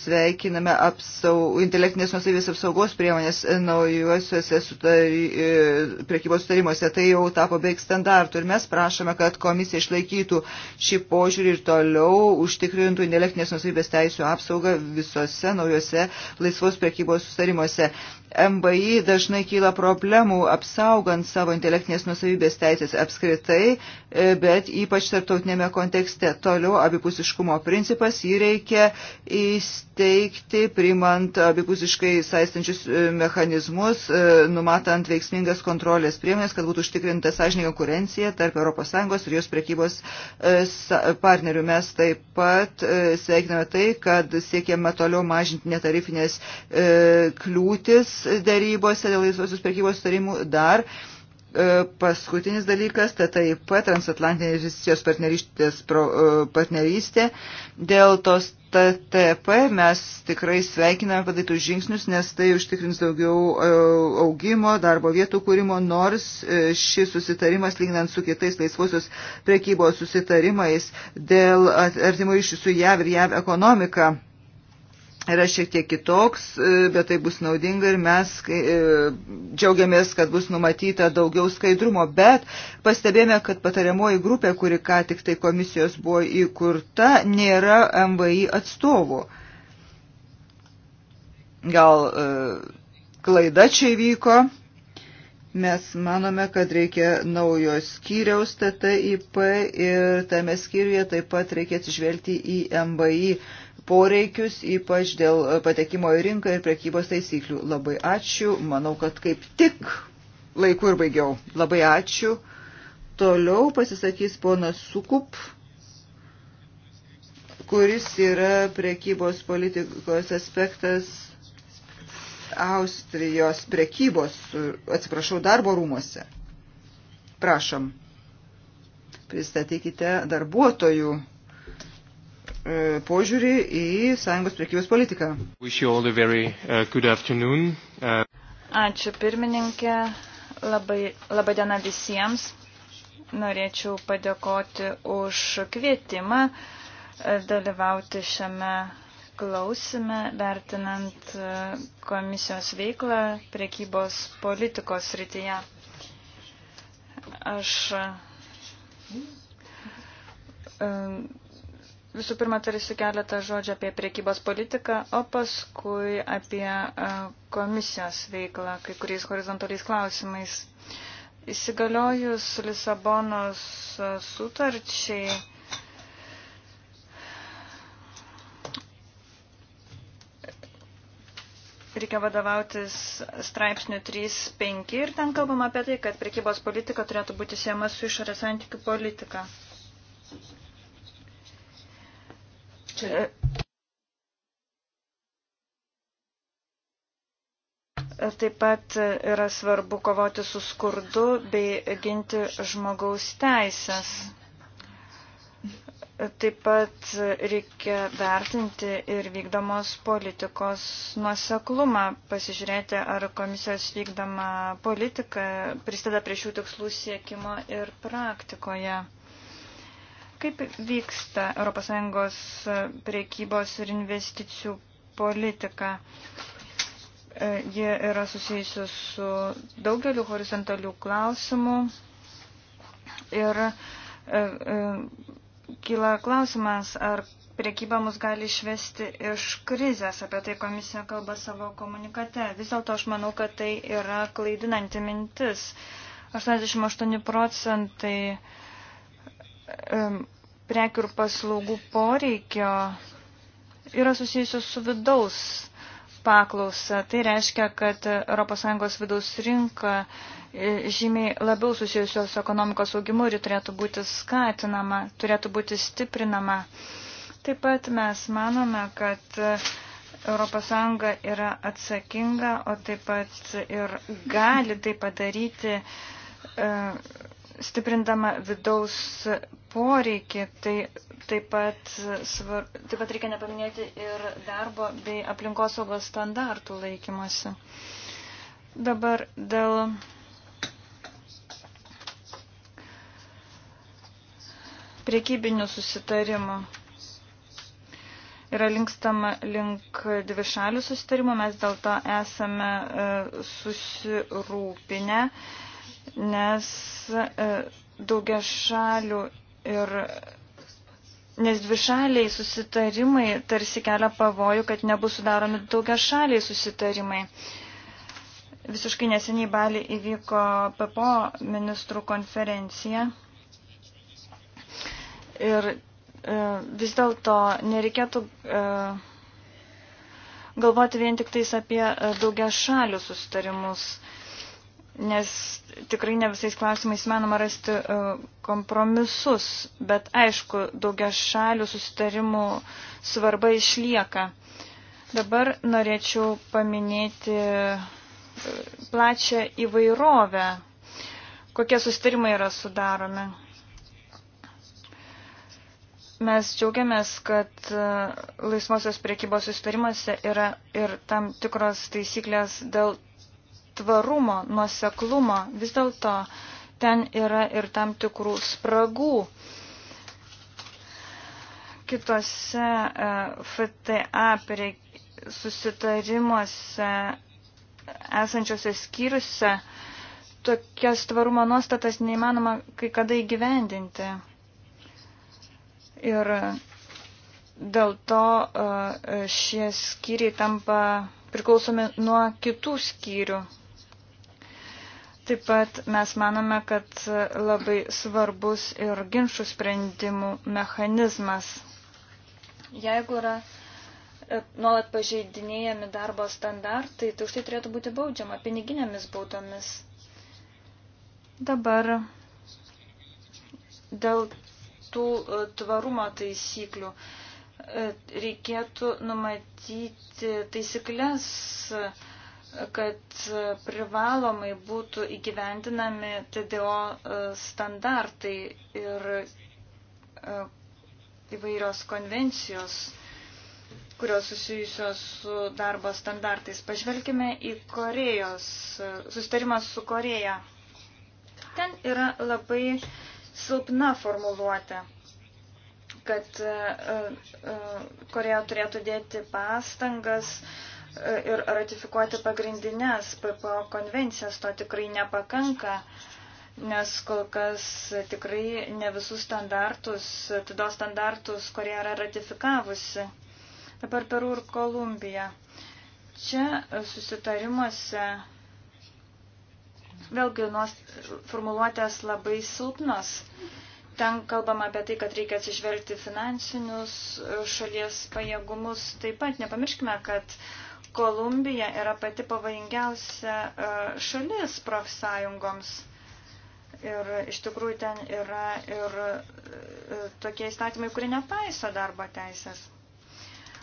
C: sveikiname apsau, intelektinės nusavės apsaugos apsaugos priemonės naujuosiuose sutari, e, priekybos sutarimuose. Tai jau tapo beig standartų ir mes prašome, kad komisija išlaikytų šį požiūrį ir toliau užtikrintų intelektinės nusavybės teisų apsaugą visose naujuose laisvos priekybos sutarimuose. MBI dažnai kyla problemų apsaugant savo intelektinės nusavybės teisės apskritai, e, bet ypač tarptautinėme kontekste. Toliau abipusiškumo principas jį reikia įsteigti, primant abipusiškai saistantį egzistuojančius e, mechanizmus, e, numatant veiksmingas kontrolės priemonės, kad būtų užtikrinta sąžininė konkurencija tarp ES ir jos prekybos e, partnerių. Mes taip pat sveikiname tai, kad siekiame toliau mažinti netarifinės kliūtis darybose dėl laisvosios prekybos tarimų dar. E, E, paskutinis dalykas, tai taip pat transatlantinė investicijos partnerystės e, partnerystė. Dėl tos TTP mes tikrai sveikiname padarytus žingsnius, nes tai užtikrins daugiau e, augimo, darbo vietų kūrimo, nors šis susitarimas, lyginant su kitais laisvosios prekybos susitarimais dėl artimų ryšių su JAV ir JAV ekonomika, yra šiek tiek kitoks, e, bet tai bus naudinga ir mes e, džiaugiamės, kad bus numatyta daugiau skaidrumo. Bet pastebėjome, kad patariamoji grupė, kuri ką tik tai komisijos buvo įkurta, nėra MVI atstovų. Gal e, klaida čia įvyko. Mes manome, kad reikia naujo skyriaus TTIP ir tame skyriuje taip pat reikia atsižvelgti į MVI poreikius, ypač dėl e, patekimo į rinką ir prekybos taisyklių. Labai ačiū. Manau, kad kaip tik laiku ir baigiau. Labai ačiū. Toliau pasisakys ponas Sukup, kuris yra prekybos politikos aspektas Austrijos prekybos, atsiprašau, darbo rūmose. Prašom, pristatykite darbuotojų E, požiūrį į sąjungos priekybės politiką. Very, uh, Ačiū pirmininkė,
B: labai, labai diena visiems. Norėčiau padėkoti už kvietimą dalyvauti šiame klausime, vertinant komisijos veiklą priekybos politikos rytyje. Aš um, Visų pirma, tarsi keletą žodžių apie priekybos politiką, o paskui apie komisijos veiklą kai kuriais horizontaliais klausimais. Įsigaliojus Lisabonos sutarčiai, reikia vadovautis straipsniu 3.5 ir ten kalbama apie tai, kad prekybos politika turėtų būti siejama su išorės santykių politika. Čia. Taip pat yra svarbu kovoti su skurdu bei ginti žmogaus teisės. Taip pat reikia vertinti ir vykdomos politikos nuoseklumą, pasižiūrėti, ar komisijos vykdoma politika prisideda prie šių tikslų siekimo ir praktikoje. Kaip vyksta ES e, priekybos ir investicijų politika? E, Jie yra susijusi su daugeliu horizontalių klausimų ir e, kyla klausimas, ar priekyba mus gali išvesti iš krizės, apie tai komisija kalba savo komunikate. Vis dėlto aš manau, kad tai yra klaidinanti mintis. 88 procentai uh, prekių ir paslaugų poreikio yra susijusios su vidaus paklausa. Tai reiškia, kad ES vidaus rinka e, žymiai labiau susijusios su ekonomikos augimu ir turėtų būti skatinama, turėtų būti stiprinama. Taip pat mes manome, kad ES yra atsakinga, o taip pat ir gali tai padaryti e, stiprindama vidaus poreikį, tai taip pat, svar, taip pat reikia nepaminėti ir darbo bei aplinkosaugos standartų laikymosi. Dabar dėl. Priekybinių susitarimų yra linkstama link dvišalių susitarimų, mes dėl to esame e, susirūpinę. Uh, nes e, daugia šalių ir nes dvišaliai susitarimai tarsi kelia pavojų, kad nebus sudaromi daugia šaliai susitarimai. Visiškai neseniai Balį įvyko PPO ministrų konferencija ir e, vis dėlto nereikėtų e, galvoti vien tik tais apie daugia šalių sustarimus nes tikrai ne visais klausimais manoma rasti e, kompromisus, bet aišku, daugia šalių susitarimų svarba išlieka. Dabar norėčiau paminėti e, plačią įvairovę, kokie susitarimai yra sudaromi. Mes džiaugiamės, kad e, laisvosios priekybos susitarimuose yra ir tam tikros taisyklės dėl tvarumo, nuoseklumo, vis dėlto ten yra ir tam tikrų spragų. Kitose e, FTA susitarimuose esančiose skyriuose tokias tvarumo nuostatas neįmanoma kai kada įgyvendinti. Ir dėl to e, šie skyriai tampa priklausomi nuo kitų skyrių, Taip pat mes manome, kad labai svarbus ir ginčių sprendimų mechanizmas. Jeigu yra e, nuolat pažeidinėjami darbo standartai, tai už tai turėtų būti baudžiama piniginėmis baudomis. Dabar dėl tų e, tvarumo taisyklių e, reikėtų numatyti taisyklės kad privalomai būtų įgyvendinami TDO e, standartai ir e, įvairios konvencijos, kurios susijusios su darbo standartais. Pažvelkime į Korejos, e, sustarimą su Koreja. Ten yra labai silpna formuluotė kad Koreja turėtų dėti pastangas uh, ir ratifikuoti pagrindinės PPO konvencijas, to tikrai nepakanka, nes kol kas tikrai ne visus standartus, tido standartus, kurie yra ratifikavusi. Dabar Peru ir Kolumbija. Čia susitarimuose vėlgi nuos formuluotės labai silpnos. Ten kalbama apie tai, kad reikia atsižvelgti finansinius šalies pajėgumus. Taip pat nepamirškime, kad uh, Kolumbija yra pati pavojingiausia e, šalis profsąjungoms. Ir iš tikrųjų ten yra ir e, tokie įstatymai, kurie nepaiso darbo teisės.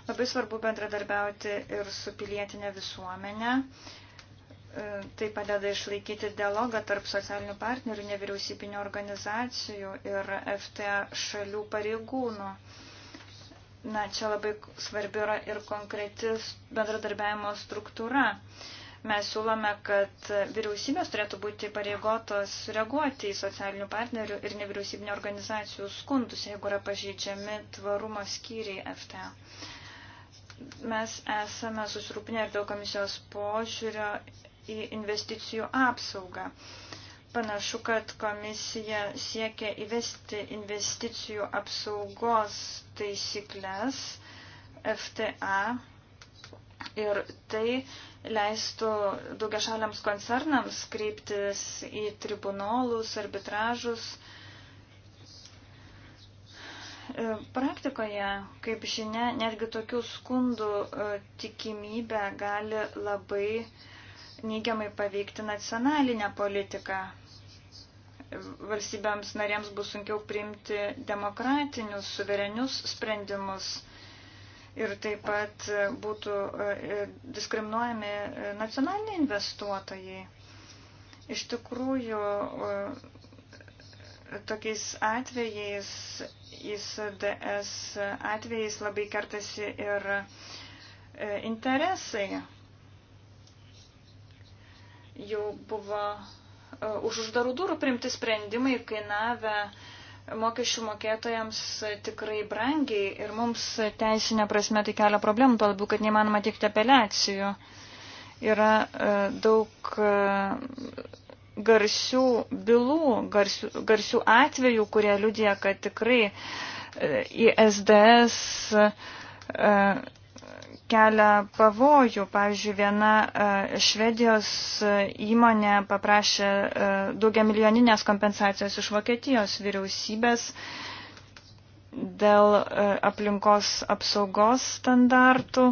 B: Labai svarbu bendradarbiauti ir su pilietinė visuomenė. E, tai padeda išlaikyti dialogą tarp socialinių partnerių, nevyriausybinio organizacijų ir FTA šalių pareigūnų. Nu Na, čia labai svarbi yra ir konkretis bendradarbiavimo struktūra. Mes siūlome, kad vyriausybės turėtų būti pareigotos reaguoti į socialinių partnerių ir nevyriausybinio organizacijų skundus, jeigu yra pažeidžiami tvarumo skyriai FTA. Mes esame susirūpinę ir dėl komisijos požiūrio į investicijų apsaugą. Uh, Panašu, kad komisija siekia įvesti investicijų apsaugos taisyklės FTA ir tai leistų daugiašaliams koncernams kreiptis į tribunolus, arbitražus. E, praktikoje, kaip žinia, netgi tokių skundų e, tikimybė gali labai neigiamai paveikti nacionalinę politiką valstybėms narėms bus sunkiau priimti demokratinius, suverenius sprendimus ir taip pat e, būtų e, e, diskriminuojami nacionaliniai investuotojai. Iš tikrųjų, tokiais atvejais, ISDS atvejais labai kertasi ir interesai. Jau buvo E, už uždarų durų primti sprendimai kainavę mokesčių mokėtojams tikrai brangiai ir mums teisinė prasme tai kelia problemų, to labiau, kad neįmanoma teikti apeliacijų. Yra e, daug e, garsių bylų, garsių, garsių atvejų, kurie liudija, kad tikrai į SDS kelia pavojų. Pavyzdžiui, viena e, Švedijos e, įmonė paprašė e, daugia milijoninės kompensacijos iš Vokietijos vyriausybės dėl aplinkos apsaugos standartų,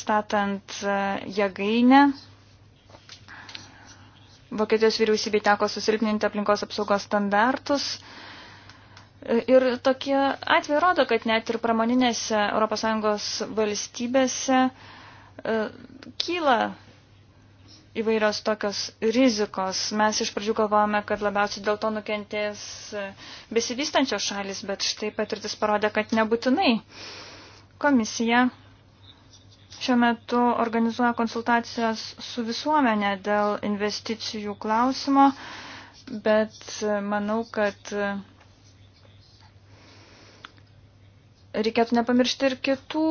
B: statant jėgainę. Vokietijos vyriausybė teko susilpninti aplinkos apsaugos standartus. Uh, Ir tokie atvejai rodo, kad net ir pramoninėse ES valstybėse e, kyla įvairios tokios rizikos. Mes iš pradžių galvojame, kad labiausiai dėl to nukentės e, besivystančios šalis, bet štai patirtis parodė, kad nebūtinai. Komisija šiuo metu organizuoja konsultacijas su visuomenė dėl investicijų klausimo, bet e, manau, kad reikėtų nepamiršti ir kitų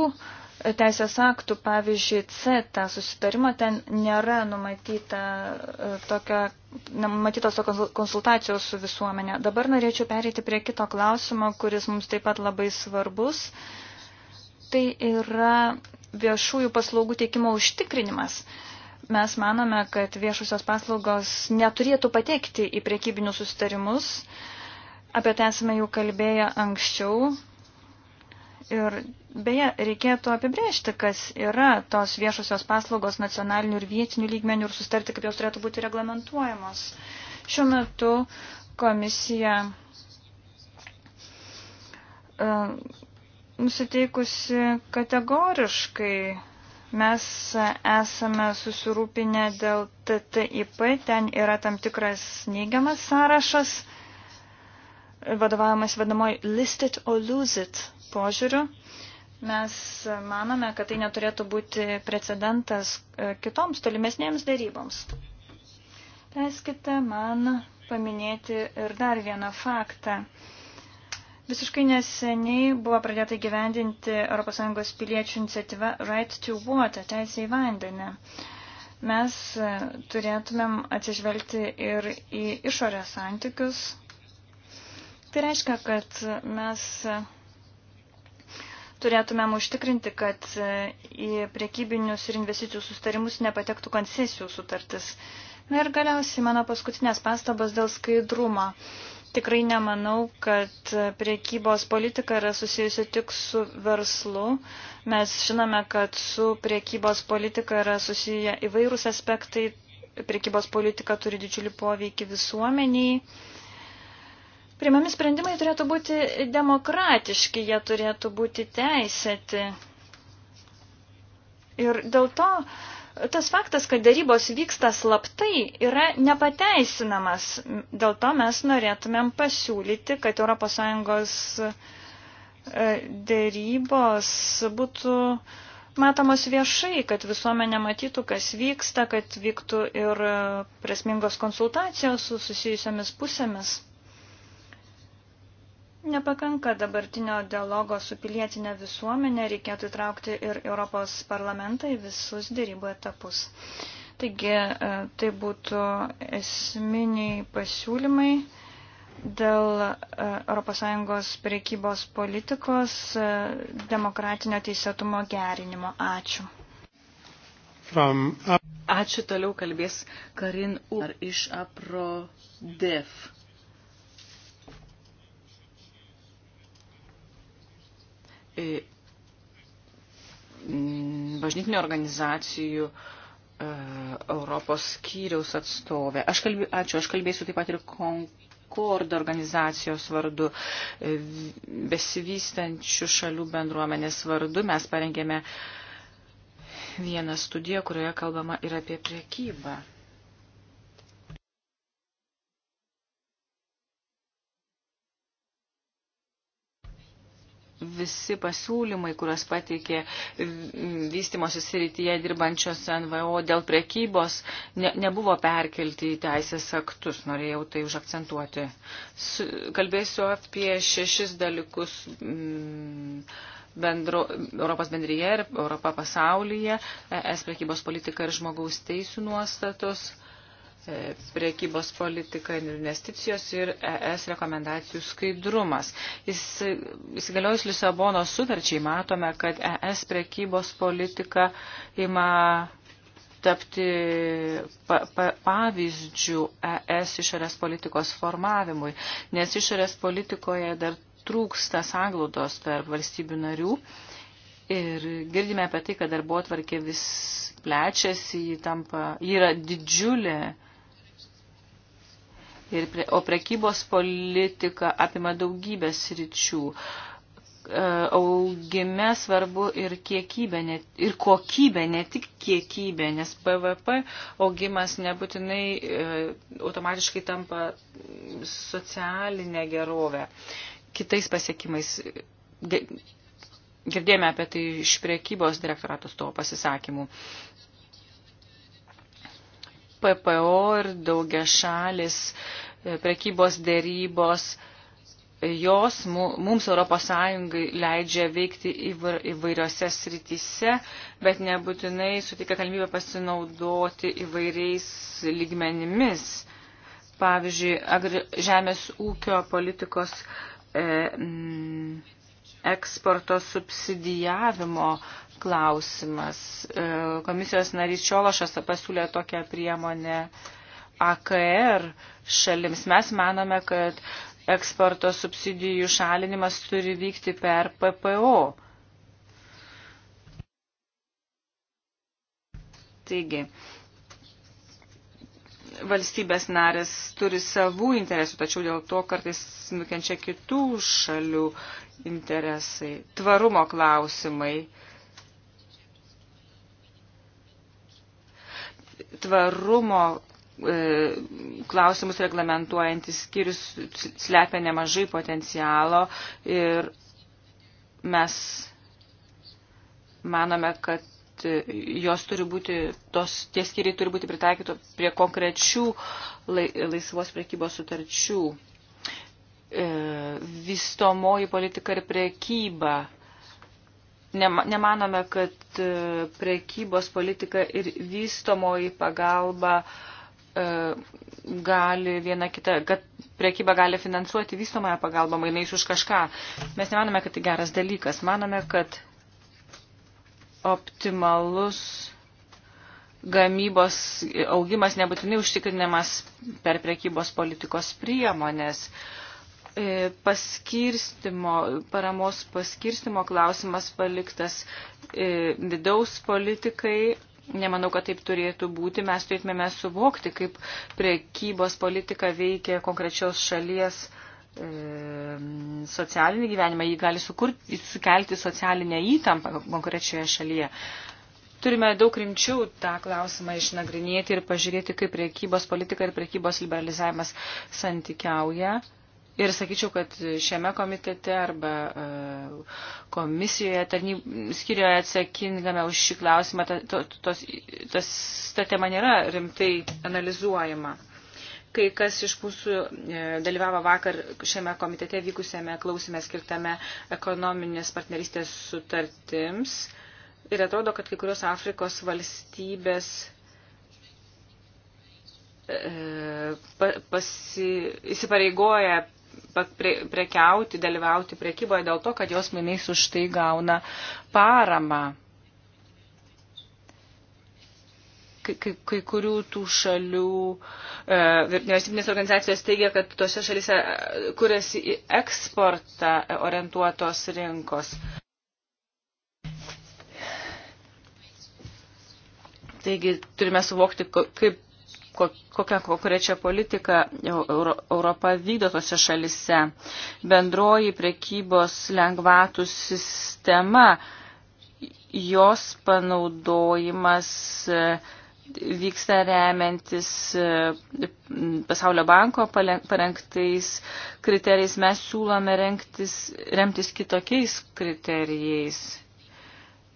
B: teisės aktų, pavyzdžiui, C, tą susitarimą, ten nėra numatyta e, tokia, numatytos konsultacijos su visuomenė. Dabar norėčiau perėti prie kito klausimo, kuris mums taip pat labai svarbus. Tai yra viešųjų paslaugų teikimo užtikrinimas. Mes manome, kad viešusios paslaugos neturėtų patekti į priekybinius sustarimus. Apie tai esame jau kalbėję anksčiau, Ir beje, reikėtų apibrėžti, kas yra tos viešosios paslaugos nacionalinių ir vietinių lygmenių ir sustarti, kaip jos turėtų būti reglamentuojamos. Šiuo metu komisija uh, nusiteikusi kategoriškai. Mes esame susirūpinę dėl TTIP, ten yra tam tikras neigiamas sąrašas, vadovavimas vadamoj list it or lose it požiūriu. Mes manome, kad tai neturėtų būti precedentas e, kitoms tolimesnėms daryboms. Leiskite man paminėti ir dar vieną faktą. Visiškai neseniai buvo pradėta gyvendinti ES piliečių iniciatyva Right to Water, teisė į vandenį. Mes e, turėtumėm atsižvelgti ir į išorės santykius. Tai reiškia, kad mes turėtumėm užtikrinti, kad į priekybinius ir investicijų sustarimus nepatektų koncesijų sutartis. Na ir galiausiai mano paskutinės pastabas dėl skaidrumo. Tikrai nemanau, kad priekybos politika yra susijusi tik su verslu. Mes žinome, kad su priekybos politika yra susiję įvairūs aspektai. Priekybos politika turi didžiulį poveikį visuomeniai. Primami sprendimai turėtų būti demokratiški, jie turėtų būti teisėti. Ir dėl to tas faktas, kad darybos vyksta slaptai, yra nepateisinamas. Dėl to mes norėtumėm pasiūlyti, kad ES e, darybos būtų matomos viešai, kad visuomenė matytų, kas vyksta, kad vyktų ir e, prasmingos konsultacijos su susijusiamis pusėmis. Nepakanka dabartinio dialogo su pilietinė visuomenė, reikėtų įtraukti ir Europos parlamentą į visus dėrybų etapus. Taigi e, tai būtų esminiai pasiūlymai dėl e, ES priekybos politikos e, demokratinio teisėtumo gerinimo. Ačiū. From... Uh, Ačiū toliau kalbės
A: Karin Ur iš APRODEF. Mm, bažnytinių organizacijų e, Europos skyriaus atstovė. Aš kalbė, ačiū, aš kalbėsiu taip pat ir Concord organizacijos vardu, e, besivystančių šalių bendruomenės vardu. Mes parengėme vieną studiją, kurioje kalbama ir apie priekybą. visi pasiūlymai, kuriuos pateikė vystimosi srityje dirbančios NVO dėl prekybos, ne, nebuvo perkelti į teisės aktus. Norėjau tai užakcentuoti. Su, kalbėsiu apie šešis dalykus. Mm, bendro, Europos bendryje ir Europa pasaulyje, es prekybos politika ir žmogaus teisų nuostatos, E, priekybos politika ir investicijos ir ES rekomendacijų skaidrumas. E, įsigaliojus Lisabono sutarčiai matome, kad ES priekybos politika ima tapti pa, pa, pavyzdžių ES išorės politikos formavimui, nes išorės politikoje dar trūksta sąglaudos tarp valstybių narių. Ir girdime apie tai, kad darbo atvarkė vis plečiasi, ji tampa, ji yra didžiulė Ir pre, o prekybos politika apima daugybės ryčių. E, augime svarbu ir kiekybė, ne, ir kokybė, ne tik kiekybė, nes BVP augimas nebūtinai e, automatiškai tampa socialinė gerovė. Kitais pasiekimais girdėjome apie tai iš priekybos direktorato stovo pasisakymų. E, PPO ir daugia šalis e, prekybos dėrybos, jos mums ES leidžia veikti įvairiose srityse, bet nebūtinai sutika galimybę pasinaudoti įvairiais lygmenimis. Pavyzdžiui, agri, žemės ūkio politikos e, m, eksporto subsidijavimo klausimas. E, komisijos narys Čiološas pasiūlė tokią priemonę AKR šalims. Mes manome, kad eksporto subsidijų šalinimas turi vykti per PPO. Taigi, valstybės narės turi savų interesų, tačiau dėl to kartais nukenčia kitų šalių interesai. Tvarumo klausimai tvarumo e, klausimus reglamentuojantis skyrius slepia nemažai potencialo ir mes manome, kad e, jos turi būti, tos, tie skyriai turi būti pritaikyto prie konkrečių laisvos prekybos sutarčių. E, vystomoji politika ir prekyba Nemanome, kad e, prekybos politika ir vystomoji pagalba e, gali viena kita, kad priekyba gali finansuoti vystomąją pagalbą mainais už kažką. Mes nemanome, kad tai geras dalykas. Manome, kad optimalus gamybos augimas nebūtinai užtikrinamas per priekybos politikos priemonės. Uh, E, paskirstimo, paramos paskirstimo klausimas paliktas e, vidaus politikai. Nemanau, kad taip turėtų būti. Mes turėtume suvokti, kaip priekybos politika veikia konkrečios šalies e, socialinį gyvenimą, jį gali sukurti, sukelti socialinę įtampą konkrečioje šalyje. Turime daug rimčiau tą klausimą išnagrinėti ir pažiūrėti, kaip priekybos politika ir priekybos liberalizavimas santykiauja. Ir sakyčiau, kad šiame komitete arba e, komisijoje, tarnyb, skirioje atsakingame už šį klausimą, ta, to, tos, tas, ta tema nėra rimtai analizuojama. Kai kas iš mūsų e, dalyvavo vakar šiame komitete vykusiame klausime skirtame ekonominės partnerystės sutartims ir atrodo, kad kai kurios Afrikos valstybės e, pasi, įsipareigoja prekiauti, dalyvauti prekyboje dėl to, kad jos mainais už tai gauna paramą. Kai, kai, kai kurių tų šalių e, nevalstybinės organizacijos teigia, kad tose šalise e, kuriasi į eksportą e, orientuotos rinkos. Taigi turime suvokti, kaip kokią konkrečią politiką Europa vykdo tose šalise. Bendroji prekybos lengvatų sistema, jos panaudojimas e, vyksta remiantis e, Pasaulio banko parengtais kriterijais. Mes siūlome rengtis, remtis kitokiais kriterijais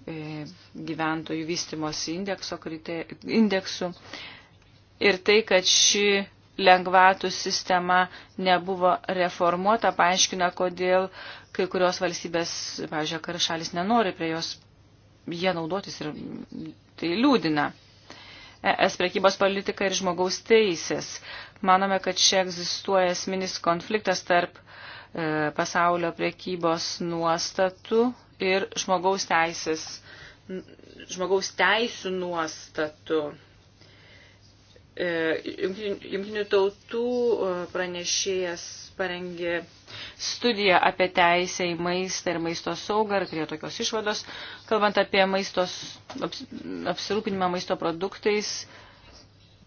A: e, gyventojų vystimosi indekso kriter, indeksų. Kriter, ir tai, kad ši lengvatų sistema nebuvo reformuota, paaiškina, kodėl kai kurios valstybės, pavyzdžiui, kar šalis nenori prie jos jie naudotis ir tai liūdina. ES prekybos politika ir žmogaus teisės. Manome, kad čia egzistuoja esminis konfliktas tarp e, pasaulio prekybos nuostatų ir žmogaus teisės žmogaus teisų nuostatų. E, Junktinių tautų e, pranešėjas parengė studiją apie teisę į maistą ir maisto saugą ir turėjo tokios išvados, kalbant apie maistos, apsirūpinimą maisto produktais,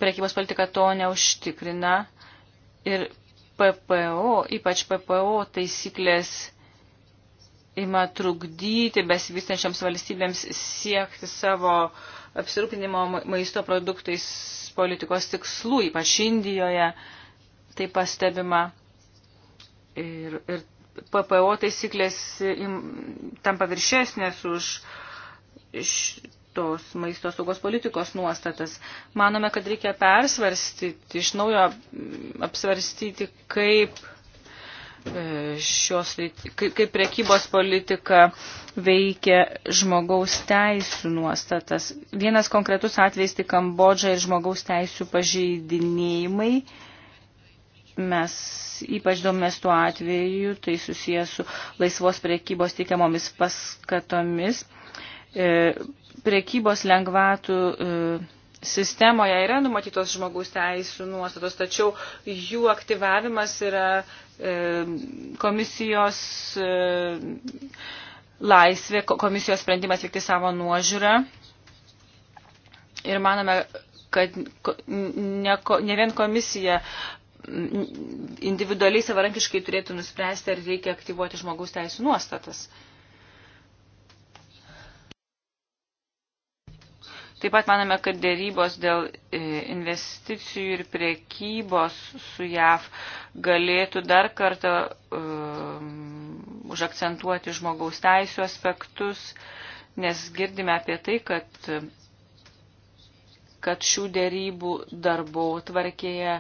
A: prekybos politika to neužtikrina ir PPO, ypač PPO taisyklės ima trukdyti besivystančiams valstybėms siekti savo apsirūpinimo maisto produktais politikos tikslų, ypač Indijoje, tai pastebima. Ir, ir PPO taisyklės tampa viršesnės už tos maisto saugos politikos nuostatas. Manome, kad reikia persvarstyti, iš naujo apsvarstyti, kaip E, šios, kaip prekybos politika veikia žmogaus teisų nuostatas. Vienas konkretus atvejs tai Kambodža ir žmogaus teisų pažeidinėjimai. Mes ypač domės tuo atveju, tai susijęs su laisvos prekybos teikiamomis paskatomis. E, prekybos lengvatų e, sistemoje yra numatytos žmogaus teisų nuostatos, tačiau jų aktyvavimas yra e, komisijos e, laisvė, komisijos sprendimas vykti savo nuožiūrą. Ir manome, kad ne, ne vien komisija individualiai savarankiškai turėtų nuspręsti, ar reikia aktyvuoti žmogaus teisų nuostatas. E, Taip pat manome, kad dėrybos dėl e, investicijų ir priekybos su JAV galėtų dar kartą um, užakcentuoti žmogaus teisų aspektus, nes girdime apie tai, kad, kad šių dėrybų darbo tvarkėje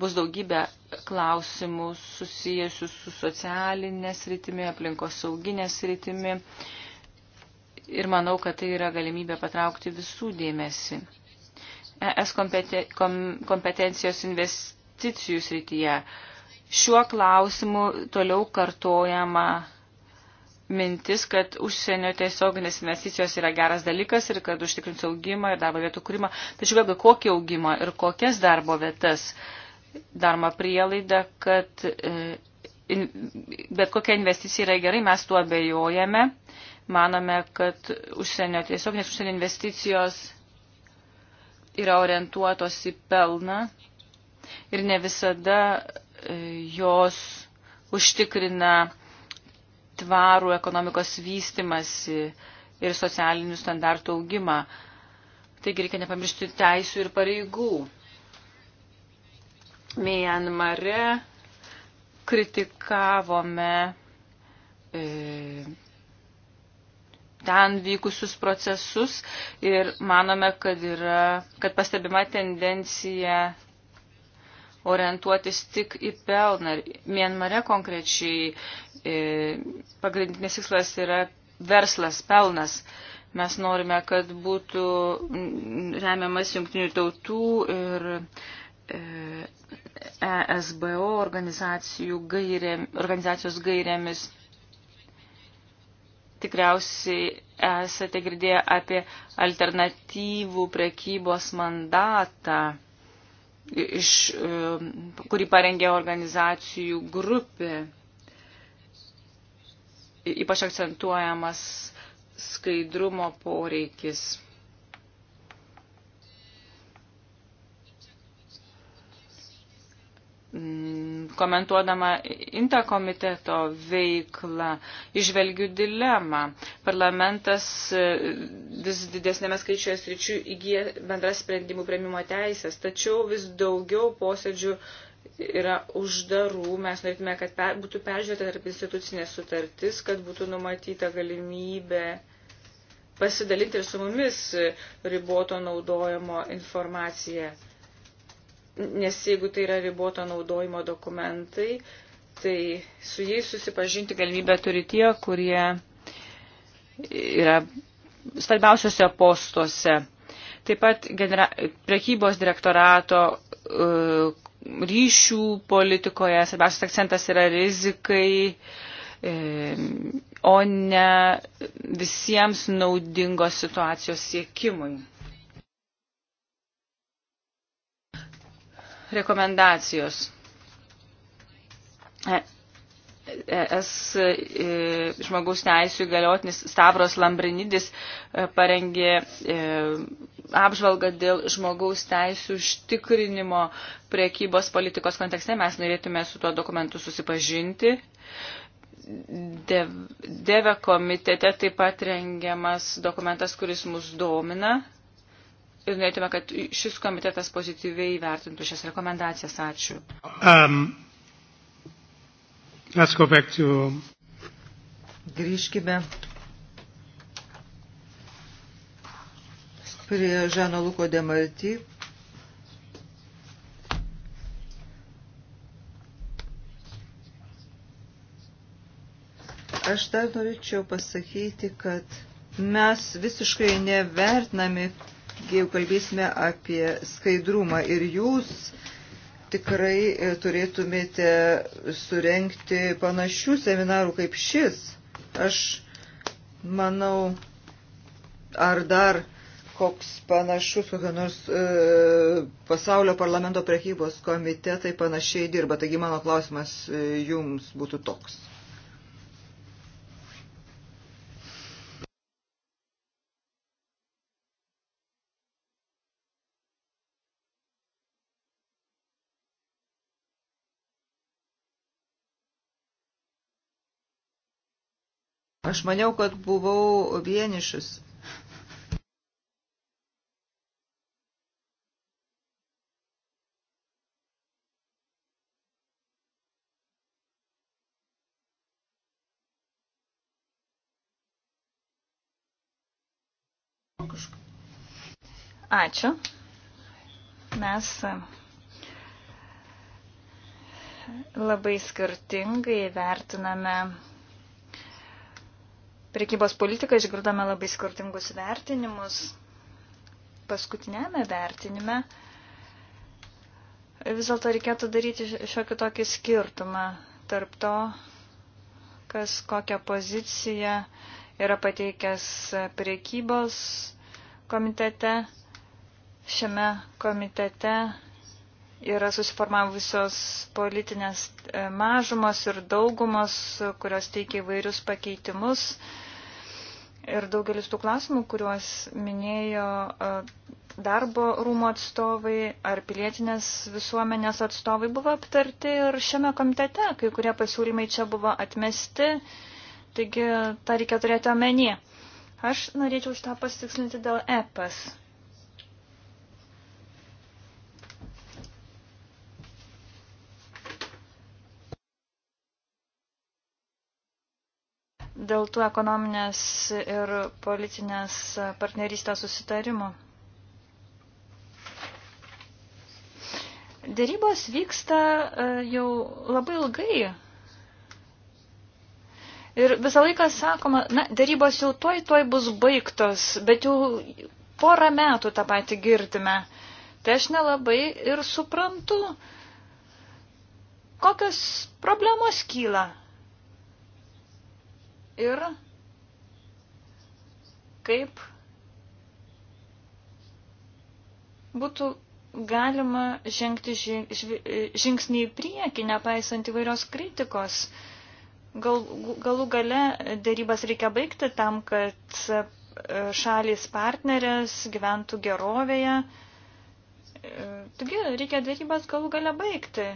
A: bus daugybė klausimų susijusių su socialinės rytimi, aplinkos sauginės rytimi. Uh, ir manau, kad tai yra galimybė patraukti visų dėmesį. ES kompetencijos investicijų srityje. Šiuo klausimu toliau kartojama mintis, kad užsienio tiesioginės investicijos yra geras dalykas ir kad užtikrins augimą ir darbo vietų kūrimą. Tačiau vėlgi kokį augimą ir kokias darbo vietas daroma prielaida, kad e, bet kokia investicija yra gerai, mes tuo abejojame. Manome, kad užsienio tiesiog, nes užsienio investicijos yra orientuotos į pelną ir ne visada e, jos užtikrina tvarų ekonomikos vystimasi ir socialinių standartų augimą. Taigi reikia nepamiršti teisų ir pareigų. Mianmare kritikavome e, ten vykusius procesus ir manome, kad, yra, kad pastebima tendencija orientuotis tik į pelną. Mienmare konkrečiai e, pagrindinis tikslas yra verslas, pelnas. Mes norime, kad būtų remiamas jungtinių tautų ir ESBO e organizacijų gairė, organizacijos gairėmis tikriausiai esate girdėję apie alternatyvų prekybos mandatą, iš, um, kurį parengė organizacijų grupė. Ypač akcentuojamas skaidrumo poreikis. komentuodama interkomiteto veiklą, išvelgiu dilemą. Parlamentas e, vis didesnėme skaičiuje sričių įgyja bendras sprendimų prieimimo teisės, tačiau vis daugiau posėdžių yra uždarų. Mes norėtume, kad per, būtų peržiūrėta tarp institucinė sutartis, kad būtų numatyta galimybė pasidalinti ir su mumis riboto naudojimo informaciją nes jeigu tai yra riboto naudojimo dokumentai, tai su jais susipažinti galimybę turi tie, kurie yra svarbiausiose postuose. Taip pat genera... prekybos direktorato uh, ryšių politikoje svarbiausias akcentas yra rizikai, um, o ne visiems naudingos situacijos siekimui. Rekomendacijos. E, e, ES e, žmogaus teisų įgaliotinis Stavros Lambrinidis parengė apžvalgą dėl žmogaus teisų užtikrinimo priekybos politikos kontekste. Mes norėtume su tuo dokumentu susipažinti. Deve komitete taip pat rengiamas dokumentas, kuris mus domina ir norėtume, kad šis komitetas pozityviai vertintų šias rekomendacijas. Ačiū.
C: Um, let's go back to... Grįžkime prie Žano Luko Demarty. Aš dar norėčiau pasakyti, kad mes visiškai nevertinami jeigu kalbėsime apie skaidrumą ir jūs tikrai e, turėtumėte surenkti panašių seminarų kaip šis. Aš manau, ar dar koks panašus, kokio nors e, pasaulio parlamento prekybos komitetai panašiai dirba. Taigi mano klausimas e, jums būtų toks. Aš maniau, kad buvau vienišas.
B: Ačiū. Mes e, labai skirtingai vertiname prekybos politiką išgirdome labai skirtingus vertinimus. Paskutiniame vertinime vis dėlto reikėtų daryti šiokį tokį skirtumą tarp to, kas kokią poziciją yra pateikęs prekybos komitete. Šiame komitete yra susiformavusios politinės e, mažumos ir daugumos, kurios teikia įvairius pakeitimus. Ir daugelis tų klausimų, kuriuos minėjo e, darbo rūmo atstovai ar pilietinės visuomenės atstovai buvo aptarti ir šiame komitete, kai kurie pasiūlymai čia buvo atmesti, taigi tą reikia turėti omenyje. Aš norėčiau šitą pasitikslinti dėl EPAS. dėl tų ekonominės ir politinės partnerystės susitarimų. Dėrybos vyksta e, jau labai ilgai. Ir visą laiką sakoma, na, dėrybos jau toj, toj bus baigtos, bet jau porą metų tą patį girdime. Tai aš nelabai ir suprantu, kokios problemos kyla ir kaip būtų galima žengti žingsnį į priekį, nepaisant įvairios kritikos. Gal, galų gale dėrybas reikia baigti tam, kad e, šalis partnerės gyventų gerovėje. E, taigi reikia dėrybas galų gale baigti.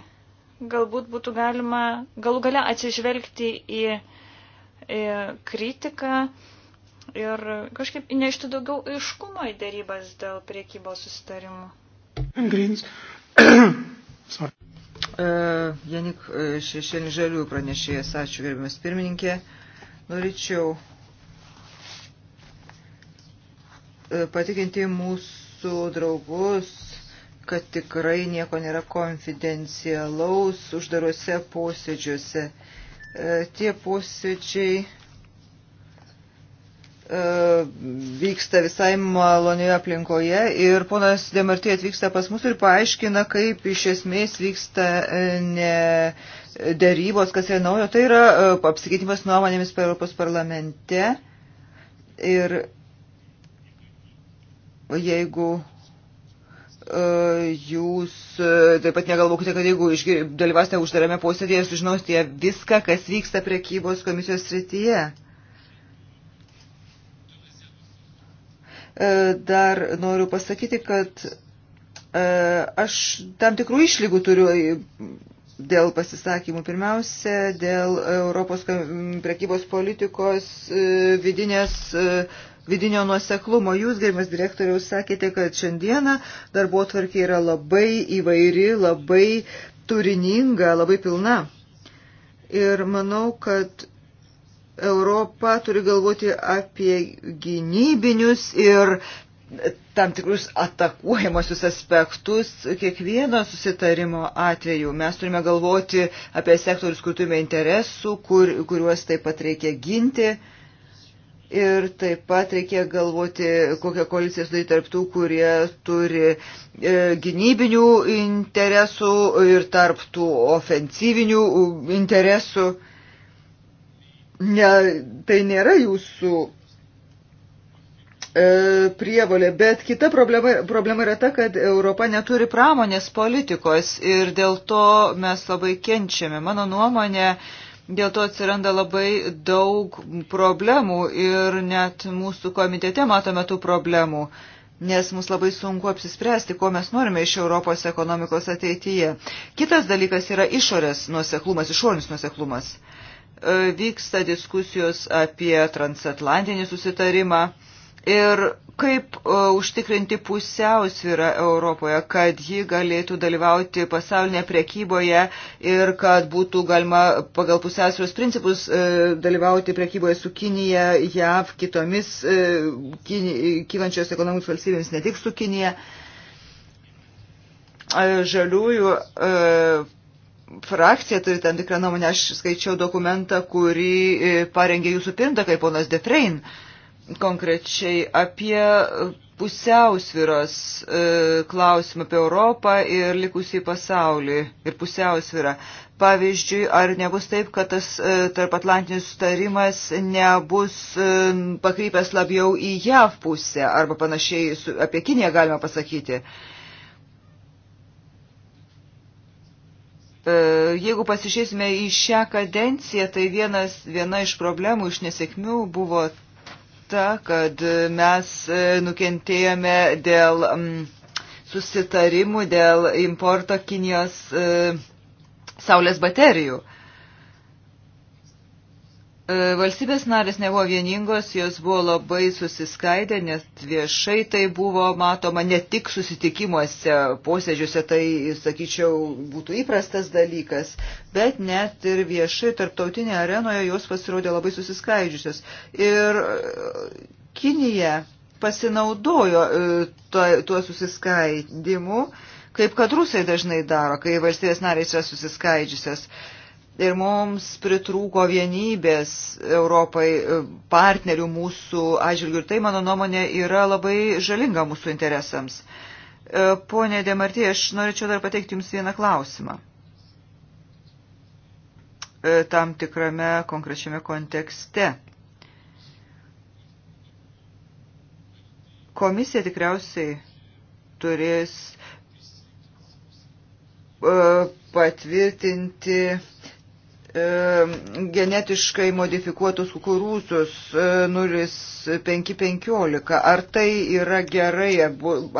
B: Galbūt būtų galima galų gale atsižvelgti į E, kritiką ir kažkaip nešti daugiau aiškumo į darybas dėl priekybos susitarimų.
C: Uh, <coughs> Janik e, Šešėlį Žalių pranešėjas, ačiū gerbimas pirmininkė. Norėčiau patikinti mūsų draugus, kad tikrai nieko nėra konfidencialaus uždaruose posėdžiuose. Uh, E, tie posėdžiai e, vyksta visai malonioje aplinkoje ir ponas Demartė atvyksta pas mus ir paaiškina, kaip iš esmės vyksta e, ne dėrybos, kas yra naujo. Tai yra apsikeitimas nuomonėmis per Europos parlamente ir jeigu E, jūs e, taip pat negalvokite, kad jeigu dalyvausite uždarame posėdėje, sužinosite viską, kas vyksta prekybos komisijos srityje. E, dar noriu pasakyti, kad aš tam tikrų išlygų turiu dėl pasisakymų. Pirmiausia, dėl Europos prekybos politikos vidinės vidinio nuoseklumo. Jūs, gerimas direktoriaus, sakėte, kad šiandieną darbo tvarkė yra labai įvairi, labai turininga, labai pilna. Ir manau, kad Europa turi galvoti apie gynybinius ir tam tikrus atakuojamosius aspektus kiekvieno susitarimo atveju. Mes turime galvoti apie sektorius, kur turime interesų, kur, kuriuos taip pat reikia ginti. Uh, Ir taip pat reikia galvoti, kokią koaliciją sudaryti tarp tų, kurie turi e, gynybinių interesų ir tarp tų ofensyvinių interesų. Ne, tai nėra jūsų e, prievolė. Bet kita problema, problema yra ta, kad Europa neturi pramonės politikos ir dėl to mes labai kenčiame. Mano nuomonė, e, Dėl to atsiranda labai daug problemų ir net mūsų komitete matome tų problemų, nes mums labai sunku apsispręsti, ko mes norime iš Europos ekonomikos ateityje. Kitas dalykas yra išorės nuoseklumas, išorinis nuoseklumas. E, vyksta diskusijos apie transatlantinį susitarimą ir kaip e, užtikrinti pusiausvyrą Europoje, kad ji galėtų dalyvauti pasaulinėje prekyboje ir kad būtų galima pagal pusiausvyros principus e, dalyvauti prekyboje su Kinija, JAV, kitomis e, kylančios ekonomikos valstybėmis, ne tik su Kinija. Žaliųjų frakcija turi tam tikrą nuomonę, aš skaičiau dokumentą, kurį parengė jūsų pirmtakai, ponas Defrein. E, konkrečiai apie pusiausviros e, klausimą apie Europą ir likusį pasaulį ir pusiausvirą. Pavyzdžiui, ar nebus taip, kad tas e, tarp Atlantinis sutarimas nebus e, pakrypęs labiau į JAV pusę arba panašiai su, apie Kiniją galima pasakyti. Jeigu pasižiūrėsime į šią kadenciją, tai vienas, viena iš problemų, iš nesėkmių buvo ta, kad mes e, nukentėjome dėl susitarimų, dėl importo Kinijos e, saulės baterijų. E, valstybės narės nebuvo vieningos, jos buvo labai susiskaidę, nes viešai tai buvo matoma ne tik susitikimuose, posėdžiuose, tai, sakyčiau, būtų įprastas dalykas, bet net ir viešai tarptautinėje arenoje jos pasirodė labai susiskaidžiusios. Ir e, Kinija pasinaudojo e, tuo susiskaidimu, kaip kad rusai dažnai daro, kai valstybės narės yra susiskaidžiusios. Ir mums pritrūko vienybės Europai e, partnerių mūsų atžvilgių. Ir tai, mano nuomonė, yra labai žalinga mūsų interesams. E, Pone Demartė, aš norėčiau dar pateikti Jums vieną klausimą. E, tam tikrame konkrečiame kontekste. Komisija tikriausiai turės patvirtinti E, genetiškai modifikuotus kukurūzus 0515. E, ar tai yra gerai,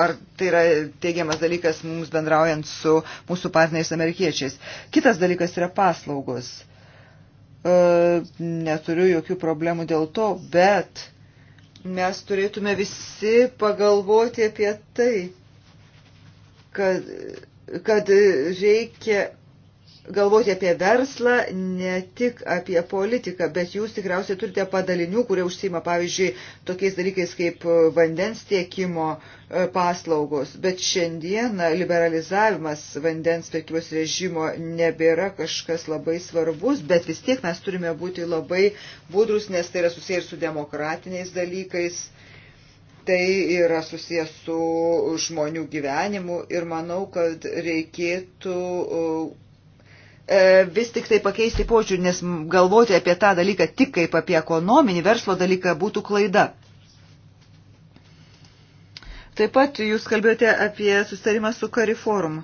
C: ar tai yra teigiamas dalykas mums bendraujant su mūsų partneriais amerikiečiais. Kitas dalykas yra paslaugos. E, neturiu jokių problemų dėl to, bet mes turėtume visi pagalvoti apie tai, kad, kad reikia galvoti apie verslą, ne tik apie politiką, bet jūs tikriausiai turite padalinių, kurie užsima, pavyzdžiui, tokiais dalykais kaip e, vandens tiekimo e, paslaugos. Bet šiandieną liberalizavimas vandens prekybos režimo nebėra kažkas labai svarbus, bet vis tiek mes turime būti labai budrus, nes tai yra susiję ir su demokratiniais dalykais tai yra susijęs su žmonių gyvenimu ir manau, kad reikėtų e, E, vis tik tai pakeisti požiūrį, nes galvoti apie tą dalyką tik kaip apie ekonominį verslo dalyką būtų klaida. Taip pat jūs kalbėjote apie sustarimą su Kariforum.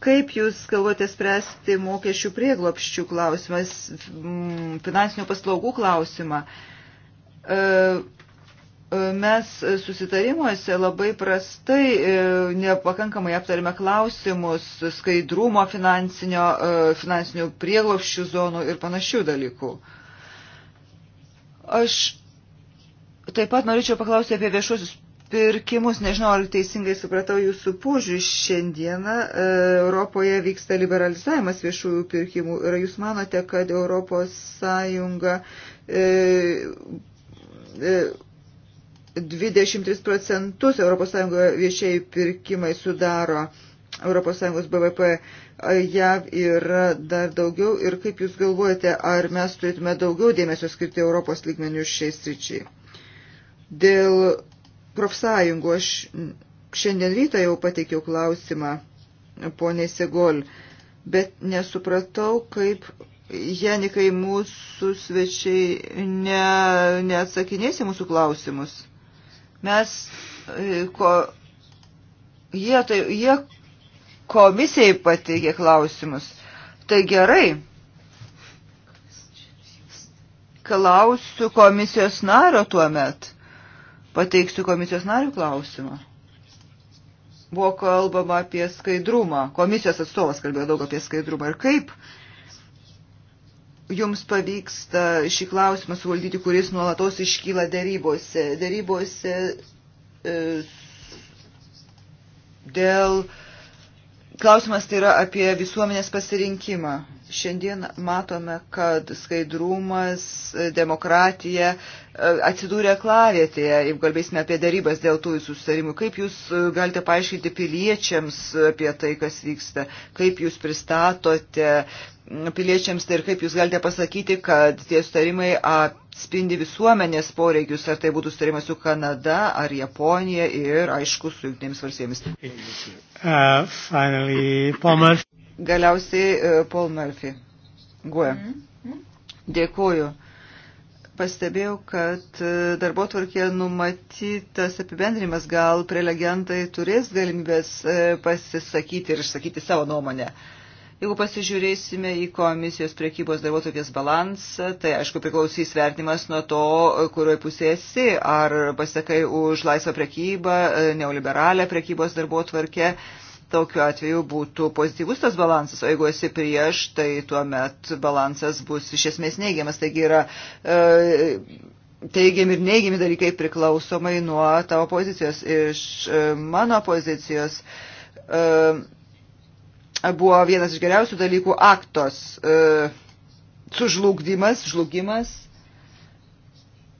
C: Kaip jūs galvote spręsti mokesčių prieglopščių klausimas, finansinių paslaugų klausimą? E, Mes susitarimuose labai prastai e, nepakankamai aptarėme klausimus skaidrumo finansinio, e, finansinių prieglopščių zonų ir panašių dalykų. Aš taip pat norėčiau paklausti apie viešuosius pirkimus. Nežinau, ar teisingai supratau jūsų požiūrį. Šiandieną e, Europoje vyksta liberalizavimas viešųjų pirkimų. Ir jūs manote, kad Europos Sąjunga. E, e, 23 procentus ES viešiai pirkimai sudaro ES BVP, JAV yra dar daugiau ir kaip Jūs galvojate, ar mes turėtume daugiau dėmesio skirti Europos lygmenių šiais ryčiai? Dėl profsąjungų aš šiandien rytą jau pateikiau klausimą poniai Segol, bet nesupratau, kaip Janikai mūsų svečiai ne, neatsakinės į mūsų klausimus. Mes, e, ko, jie, tai, jie komisijai pateikė klausimus. Tai gerai. Klausiu komisijos nario tuo met. Pateiksiu komisijos narių klausimą. Buvo kalbama apie skaidrumą. Komisijos atstovas kalbėjo daug apie skaidrumą. Ir kaip jums pavyksta šį klausimą suvaldyti, kuris nuolatos iškyla dėrybose. Dėrybose e, dėl. Klausimas tai yra apie visuomenės pasirinkimą. Šiandien matome, kad skaidrumas, demokratija e, atsidūrė klavietėje, jeigu kalbėsime apie darybas dėl tų susitarimų. Kaip jūs e, galite paaiškinti piliečiams apie tai, kas vyksta, kaip jūs pristatote piliečiams tai ir kaip jūs galite pasakyti, kad tie sutarimai atspindi visuomenės poreikius, ar tai būtų sutarimas su Kanada, ar Japonija ir, aišku, su jungtinėmis valstybėmis. Uh, finally, Palmer. Galiausiai e, Paul Murphy. Guoja. Mhm. Mhm. Dėkuoju. Pastebėjau, kad e, darbo tvarkė numatytas apibendrimas, gal prelegentai turės galimybės e, pasisakyti ir išsakyti savo nuomonę. Jeigu pasižiūrėsime į komisijos priekybos darbuotojas balansą, tai aišku priklausys vertinimas nuo to, kurioje pusėje esi, ar pasakai už laisvą priekybą, neoliberalią priekybos darbuotvarkę. tvarkę tokiu atveju būtų pozityvus tas balansas, o jeigu esi prieš, tai tuomet balansas bus iš esmės neigiamas. Taigi yra e, teigiami ir neigiami dalykai priklausomai nuo tavo pozicijos. Iš e, mano pozicijos e, buvo vienas iš geriausių dalykų aktos e, sužlugdymas, žlugimas.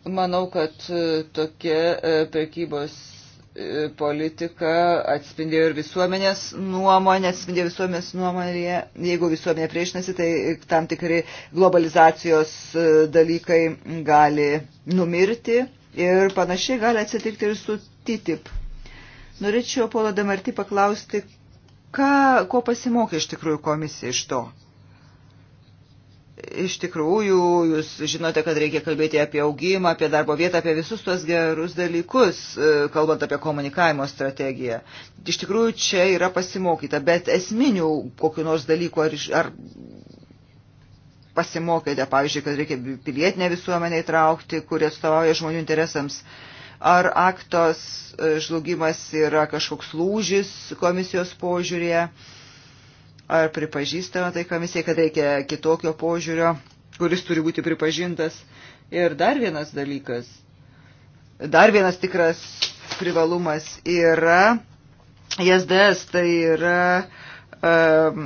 C: Manau, kad e, tokia e, prekybos E, politika atspindėjo ir visuomenės nuomonę, atspindėjo visuomenės nuomonėje. Jeigu visuomenė priešinasi, tai tam tikri globalizacijos e, dalykai gali numirti ir panašiai gali atsitikti ir su TTIP. Norėčiau Polo Damartį paklausti, ką, ko pasimokė iš tikrųjų komisija iš to. Iš tikrųjų, jūs žinote, kad reikia kalbėti apie augimą, apie darbo vietą, apie visus tuos gerus dalykus, e, kalbant apie komunikavimo strategiją. Iš tikrųjų, čia yra pasimokyta, bet esminių kokiu nors dalyku ar, ar pasimokėte, pavyzdžiui, kad reikia pilietinę visuomenę įtraukti, kurie atstovauja žmonių interesams. Ar aktos e, žlugimas yra kažkoks lūžis komisijos požiūrėje? Ar pripažįstame tai komisija, kad reikia kitokio požiūrio, kuris turi būti pripažintas. Ir dar vienas dalykas, dar vienas tikras privalumas yra JSDS, tai yra um, ehm,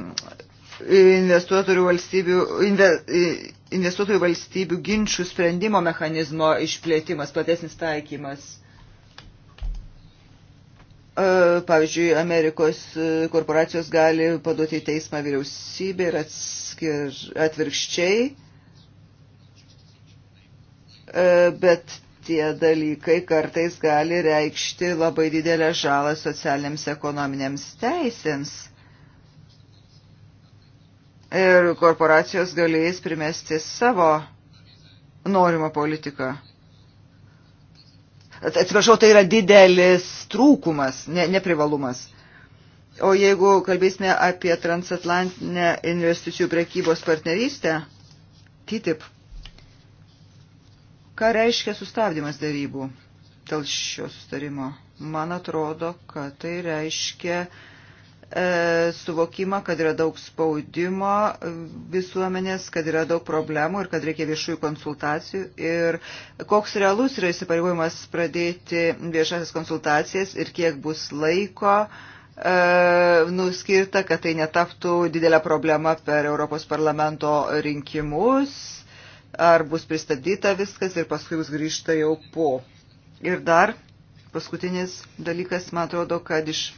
C: investuotojų valstybių, inve, investuotojų valstybių ginčių sprendimo mechanizmo išplėtimas, platesnis taikymas. Pavyzdžiui, Amerikos e, korporacijos gali paduoti į teismą vyriausybę ir atskir, atvirkščiai, e, bet tie dalykai kartais gali reikšti labai didelę žalą socialiniams ekonominiams teisėms. Ir korporacijos galės primesti savo norimą politiką atsiprašau, tai yra didelis trūkumas, ne, neprivalumas. O jeigu kalbėsime apie transatlantinę investicijų prekybos partnerystę, TTIP, ką reiškia sustabdymas darybų dėl šio sustarimo? Man atrodo, kad tai reiškia uh, E, suvokimą, kad yra daug spaudimo e, visuomenės, kad yra daug problemų ir kad reikia viešųjų konsultacijų. Ir koks realus yra įsipareigojimas pradėti viešasis konsultacijas ir kiek bus laiko e, nuskirta, kad tai netaptų didelę problemą per Europos parlamento rinkimus, ar bus pristatyta viskas ir paskui bus grįžta jau po. Ir dar paskutinis dalykas, man atrodo, kad iš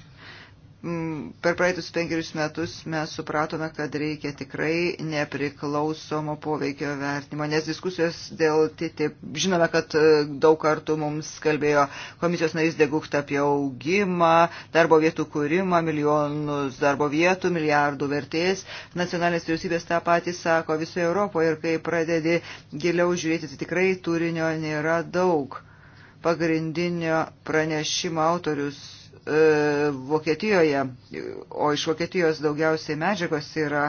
C: per praeitus penkerius metus mes supratome, kad reikia tikrai nepriklausomo poveikio vertinimo, nes diskusijos dėl TTIP, žinome, kad e, daug kartų mums kalbėjo komisijos narys Degukta apie augimą, darbo vietų kūrimą, milijonus darbo vietų, milijardų vertės. Nacionalinės vyriausybės tą patį sako visoje Europoje ir kai pradedi giliau žiūrėti, tai tikrai turinio nėra daug. Pagrindinio pranešimo autorius e, Vokietijoje, o iš Vokietijos daugiausiai medžiagos yra.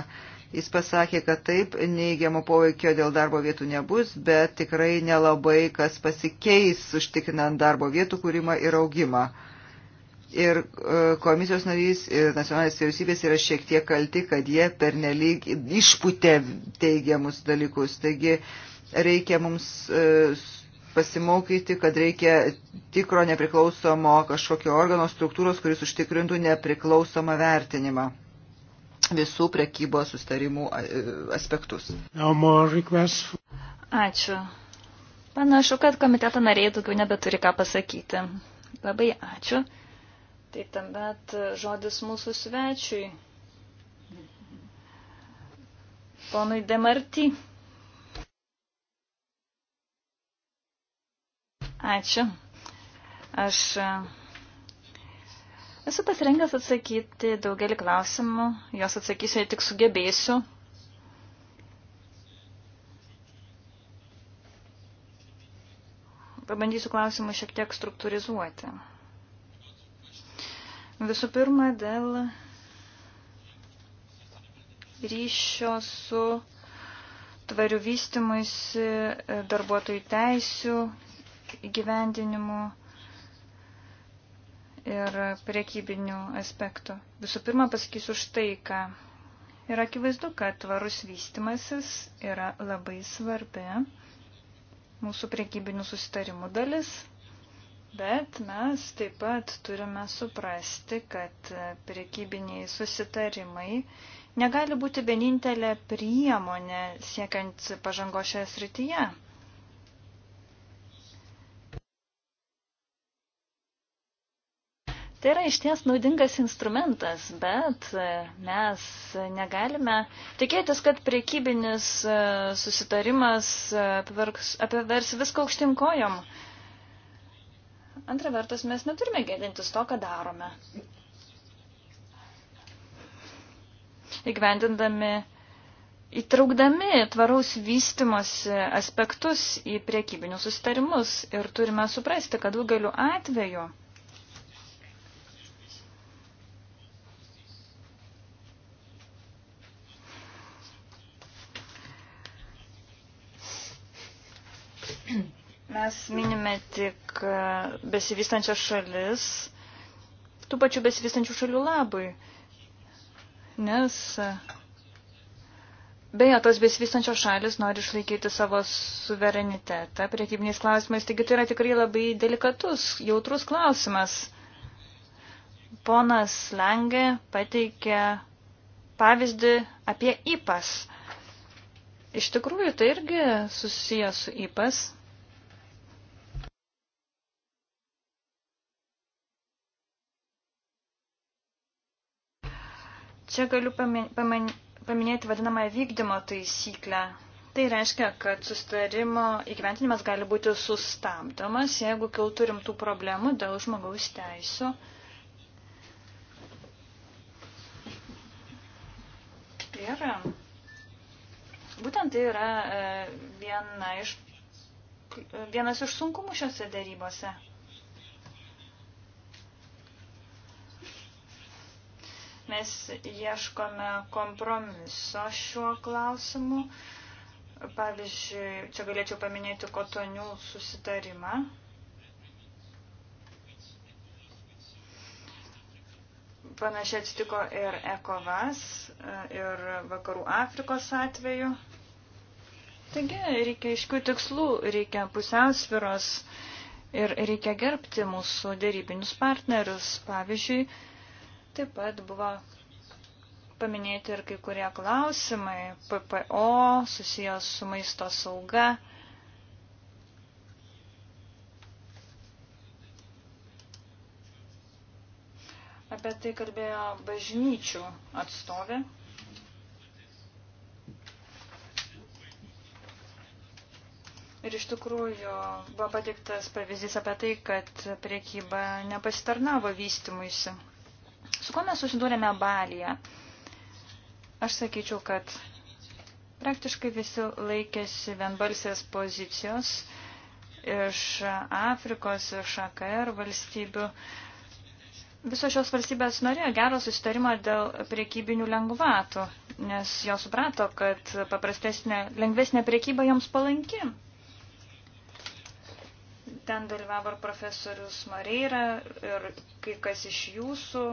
C: Jis pasakė, kad taip, neigiamo poveikio dėl darbo vietų nebus, bet tikrai nelabai kas pasikeis, užtikrinant darbo vietų kūrimą ir augimą. Ir e, komisijos narys ir nacionalinės vyriausybės yra šiek tiek kalti, kad jie pernelyg išputė teigiamus dalykus. Taigi reikia mums e, pasimokyti, kad reikia tikro nepriklausomo kažkokio organo struktūros, kuris užtikrintų nepriklausomą vertinimą visų prekybos sustarimų e, aspektus.
B: No Ačiū. Panašu, kad komiteto nariai daugiau nebeturi ką pasakyti. Labai ačiū. Tai tuomet žodis mūsų svečiui. Ponui Demarty. Ačiū. Aš e, esu pasirengęs atsakyti daugelį klausimų, jos atsakysiu, jei tik sugebėsiu. Pabandysiu klausimus šiek tiek struktūrizuoti. Visų pirma, dėl ryšio su tvariu vystimuisi, darbuotojų teisių, įgyvendinimu ir priekybiniu aspektu. Visų pirma, pasakysiu štai ką. Ir akivaizdu, kad tvarus vystimasis yra labai svarbi mūsų priekybinių susitarimų dalis, bet mes taip pat turime suprasti, kad priekybiniai susitarimai negali būti vienintelė priemonė siekiant pažango šioje srityje. Tai yra išties naudingas instrumentas, bet e, mes negalime tikėtis, kad priekybinis e, susitarimas e, apivers viską aukštinkojom. Antra vertus, mes neturime gėdintis to, ką darome. Įgyvendindami, įtraukdami tvaraus vystimosi aspektus į priekybinius susitarimus ir turime suprasti, kad daugeliu atveju Mes minime tik e, besivystančias šalis, tų pačių besivystančių šalių labui. Nes e, Beje, tos besivystančios šalis nori išlaikyti savo suverenitetą priekybiniais klausimais, taigi tai yra tikrai labai delikatus, jautrus klausimas. Ponas Langė pateikė pavyzdį apie IPAS. Iš tikrųjų, tai irgi susijęs su IPAS. Čia galiu paminėti vadinamą vykdymo taisyklę. Tai reiškia, kad sustarimo įgyventinimas gali būti sustabdomas, jeigu kiltų rimtų problemų dėl žmogaus teisų. Ir būtent tai yra e, viena iš, vienas iš sunkumų šiuose darybose. Mes ieškome kompromiso šiuo klausimu. Pavyzdžiui, čia galėčiau paminėti kotonių susitarimą. Panašiai atsitiko ir ECOVAS, ir Vakarų Afrikos atveju. Taigi, reikia iškių tikslų, reikia pusiausviros ir reikia gerbti mūsų dėrybinius partnerius. Pavyzdžiui, Taip pat buvo paminėti ir kai kurie klausimai PPO susijęs su maisto sauga. Apie tai kalbėjo bažnyčių atstovė. Ir iš tikrųjų buvo patiktas pavyzdys apie tai, kad priekyba nepasitarnavo vystimuisi. Su kuo mes susidūrėme Balyje? Aš sakyčiau, kad praktiškai visi laikėsi vienbalsės pozicijos iš Afrikos, iš AKR valstybių. Visos šios valstybės norėjo gero susitarimo dėl priekybinių lengvatų, nes jos suprato, kad paprastesnė, lengvesnė priekyba joms palanki. Ten dalyvavo ir profesorius Mareira ir kai kas iš jūsų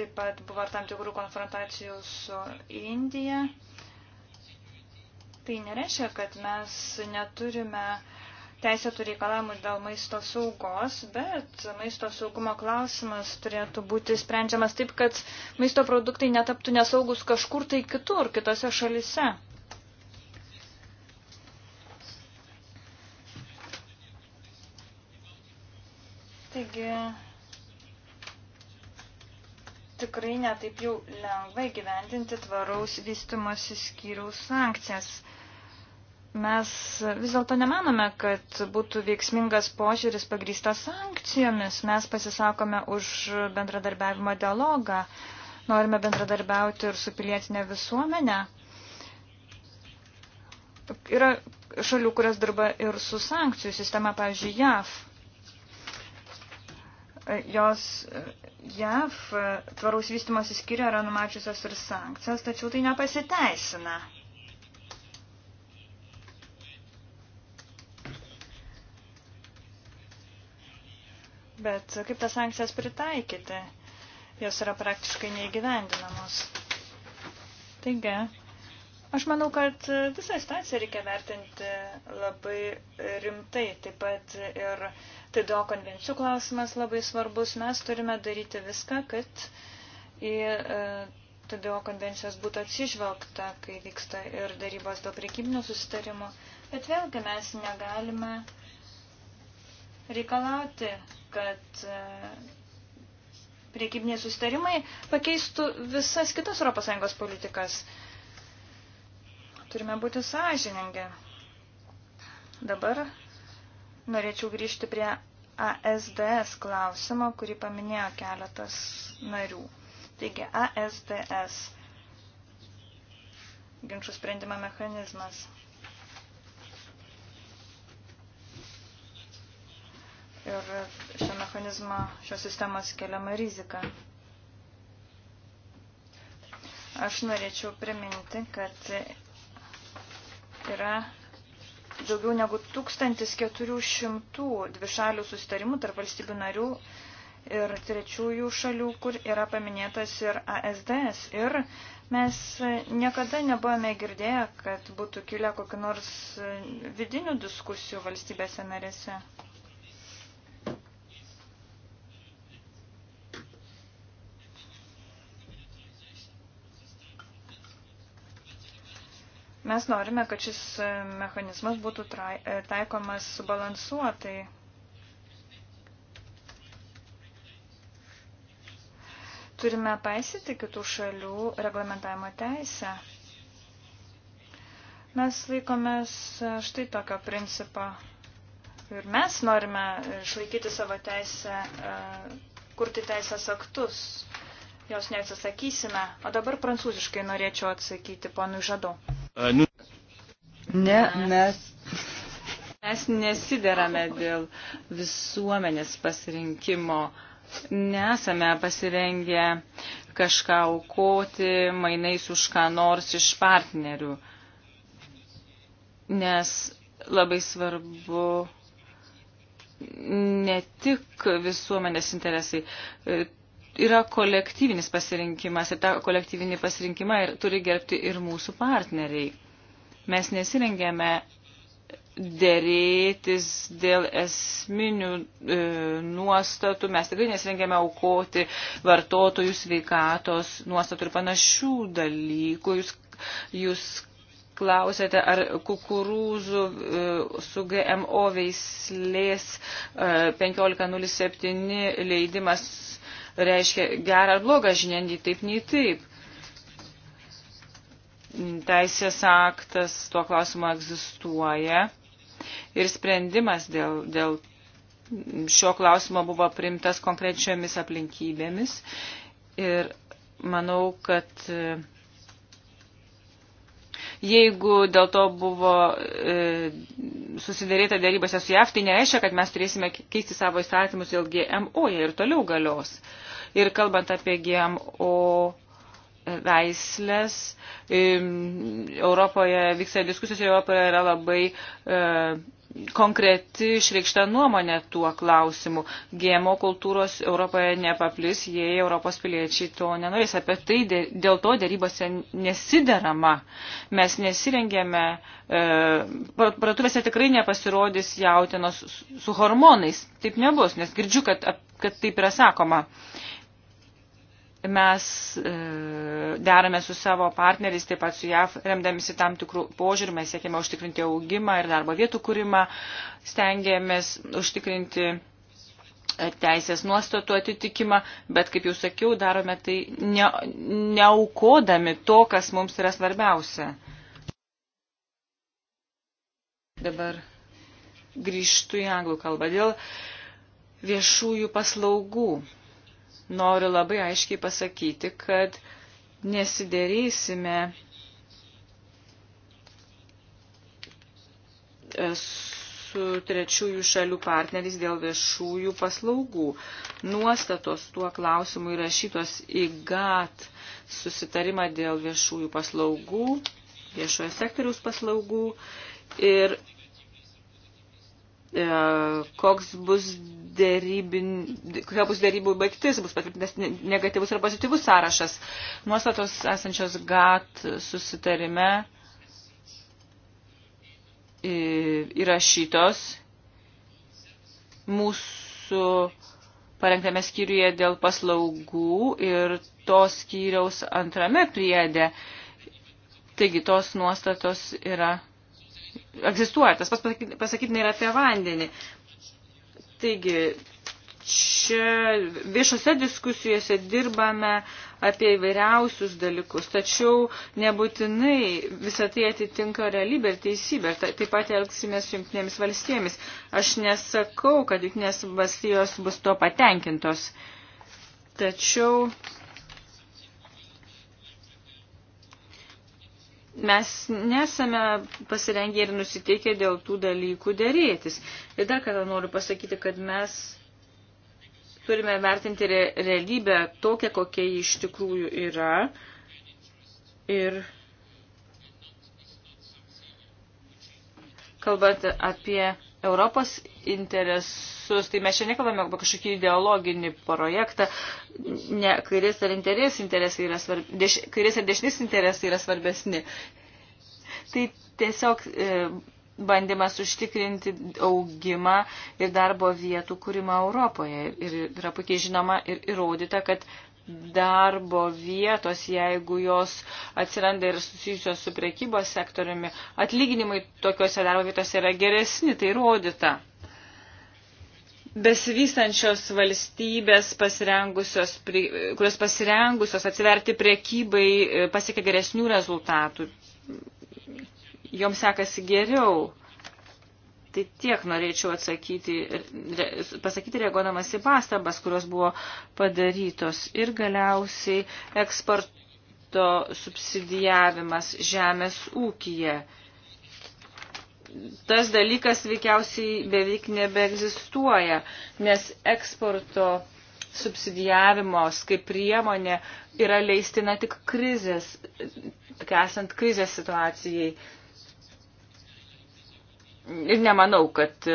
B: Taip pat buvo tam tikrų konfrontacijų su Indija. Tai nereiškia, kad mes neturime teisėtų reikalavimų dėl maisto saugos, bet maisto saugumo klausimas turėtų būti sprendžiamas taip, kad maisto produktai netaptų nesaugus kažkur tai kitur, kitose šalise. Taigi, tikrai netaip jau lengva gyventinti tvaraus vystimosi skyriaus sankcijas. Mes vis dėlto nemanome, kad būtų veiksmingas požiūris pagrįstas sankcijomis. Mes pasisakome už bendradarbiavimo dialogą. Norime bendradarbiauti ir su pilietinė visuomenė. Yra šalių, kurias dirba ir su sankcijų sistema, pavyzdžiui, JAV Jos e, JAV e, tvaraus vystimosi skyriuje yra numačiusios ir sankcijas, tačiau tai nepasiteisina. Bet kaip tas sankcijas pritaikyti? Jos yra praktiškai neįgyvendinamos. Taigi, Aš manau, kad visą situaciją reikia vertinti labai rimtai. Taip pat ir TDO konvencijų klausimas labai svarbus. Mes turime daryti viską, kad į e, TDO konvencijos būtų atsižvelgta, kai vyksta ir darybos dėl priekybinio susitarimo. Bet vėlgi mes negalime reikalauti, kad e, priekybiniai susitarimai pakeistų visas kitas ES politikas. Turime būti sąžiningi. Dabar norėčiau grįžti prie ASDS klausimo, kurį paminėjo keletas narių. Taigi, ASDS ginčių sprendimo mechanizmas. Ir šio mechanizmo, šios sistemos keliama rizika. Aš norėčiau priminti, kad yra daugiau negu 1400 dvišalių susitarimų tarp valstybių narių ir trečiųjų šalių, kur yra paminėtas ir ASDS. Ir mes niekada nebuvome girdėję, kad būtų kilę kokiu nors vidinių diskusijų valstybėse narėse. Mes norime, kad šis e, mechanizmas būtų e, taikomas subalansuotai. Turime paisyti kitų šalių reglamentavimo teisę. Mes laikomės e, štai tokio principo. Ir mes norime išlaikyti savo teisę, kurti teisės aktus jos neatsisakysime. O dabar prancūziškai norėčiau atsakyti ponui Žadu. Nu- ne, mes.
A: Mes nesiderame dėl visuomenės pasirinkimo. Nesame pasirengę kažką aukoti mainais už ką nors iš partnerių. Nes labai svarbu ne tik visuomenės interesai, yra kolektyvinis pasirinkimas ir tą kolektyvinį pasirinkimą ir turi gerbti ir mūsų partneriai. Mes nesirengėme dėrėtis dėl esminių e, nuostatų, mes tikrai nesirengėme aukoti vartotojų sveikatos nuostatų ir panašių dalykų. Jūs, jūs klausėte, ar kukurūzų e, su GMO veislės 1507 e, leidimas reiškia gerą ar blogą žinią, nei taip, nei taip. Teisės aktas tuo klausimu egzistuoja ir sprendimas dėl, dėl šio klausimo buvo primtas konkrečiomis aplinkybėmis ir manau, kad Jeigu dėl to buvo e, susidaryta dėrybose su JAV, tai nereiškia, kad mes turėsime keisti savo įstatymus dėl GMO, jie ir toliau galios. Ir kalbant apie GMO veislės, e, Europoje vyksta diskusijos ir Europoje yra labai e, konkreti išreikšta nuomonė tuo klausimu. GMO kultūros Europoje nepaplis, jei Europos piliečiai to nenorės. Apie tai dėl to dėrybose nesiderama. Mes nesirengėme, e, parduotuvėse tikrai nepasirodys jautinos su hormonais. Taip nebus, nes girdžiu, kad, kad taip yra sakoma mes e, derame su savo partneriais, taip pat su JAF, remdamisi tam tikrų požiūrį, mes siekime užtikrinti augimą ir darbo vietų kūrimą, stengiamės užtikrinti e, teisės nuostatų atitikimą, bet, kaip jau sakiau, darome tai ne, neaukodami to, kas mums yra svarbiausia. Dabar grįžtu į anglų kalbą dėl viešųjų paslaugų noriu labai aiškiai pasakyti, kad nesidėrysime e, su trečiųjų šalių partneriais dėl viešųjų paslaugų. Nuostatos tuo klausimu įrašytos į GAT susitarimą dėl viešųjų paslaugų, viešojo sektoriaus paslaugų ir E, koks bus dėrybin, kokia bus dėrybų baigtis, bus patvirtintas negatyvus ar pozityvus sąrašas. Nuostatos esančios GAT susitarime įrašytos mūsų parengtame skyriuje dėl paslaugų ir tos skyriaus antrame priedė. Taigi tos nuostatos yra egzistuoja. Tas pats pasakytina ir apie vandenį. Taigi, čia viešose diskusijose dirbame apie įvairiausius dalykus, tačiau nebūtinai visą tai atitinka realybę ir teisybę. Taip pat elgsime su jungtinėmis valstybėmis. Aš nesakau, kad jungtinės valstijos bus to patenkintos. Tačiau mes nesame pasirengę ir nusiteikę dėl tų dalykų dėrėtis. Ir dar kartą noriu pasakyti, kad mes turime vertinti re realybę tokią, kokia ji iš tikrųjų yra. Ir kalbant apie Europos interesus, tai mes čia nekalbame apie kažkokį ideologinį projektą, ne, kairės ar interės interesai yra svarb, deš, kairės ar dešinis interesai yra svarbesni. Tai tiesiog e, bandymas užtikrinti augimą ir darbo vietų kūrimą Europoje. Ir yra puikiai žinoma ir įrodyta, kad darbo vietos, jeigu jos atsiranda ir susijusios su prekybos sektoriumi, atlyginimai tokiuose darbo vietose yra geresni, tai rodyta. Besivystančios valstybės, pasirengusios, kurios pasirengusios atsiverti prekybai, e, pasiekia geresnių rezultatų. Joms sekasi geriau. Tai tiek norėčiau atsakyti, pasakyti reaguodamas į pastabas, kurios buvo padarytos. Ir galiausiai eksporto subsidijavimas žemės ūkija. Tas dalykas veikiausiai beveik nebeegzistuoja, nes eksporto subsidijavimos kaip priemonė yra leistina tik krizės, esant krizės situacijai ir nemanau, kad e,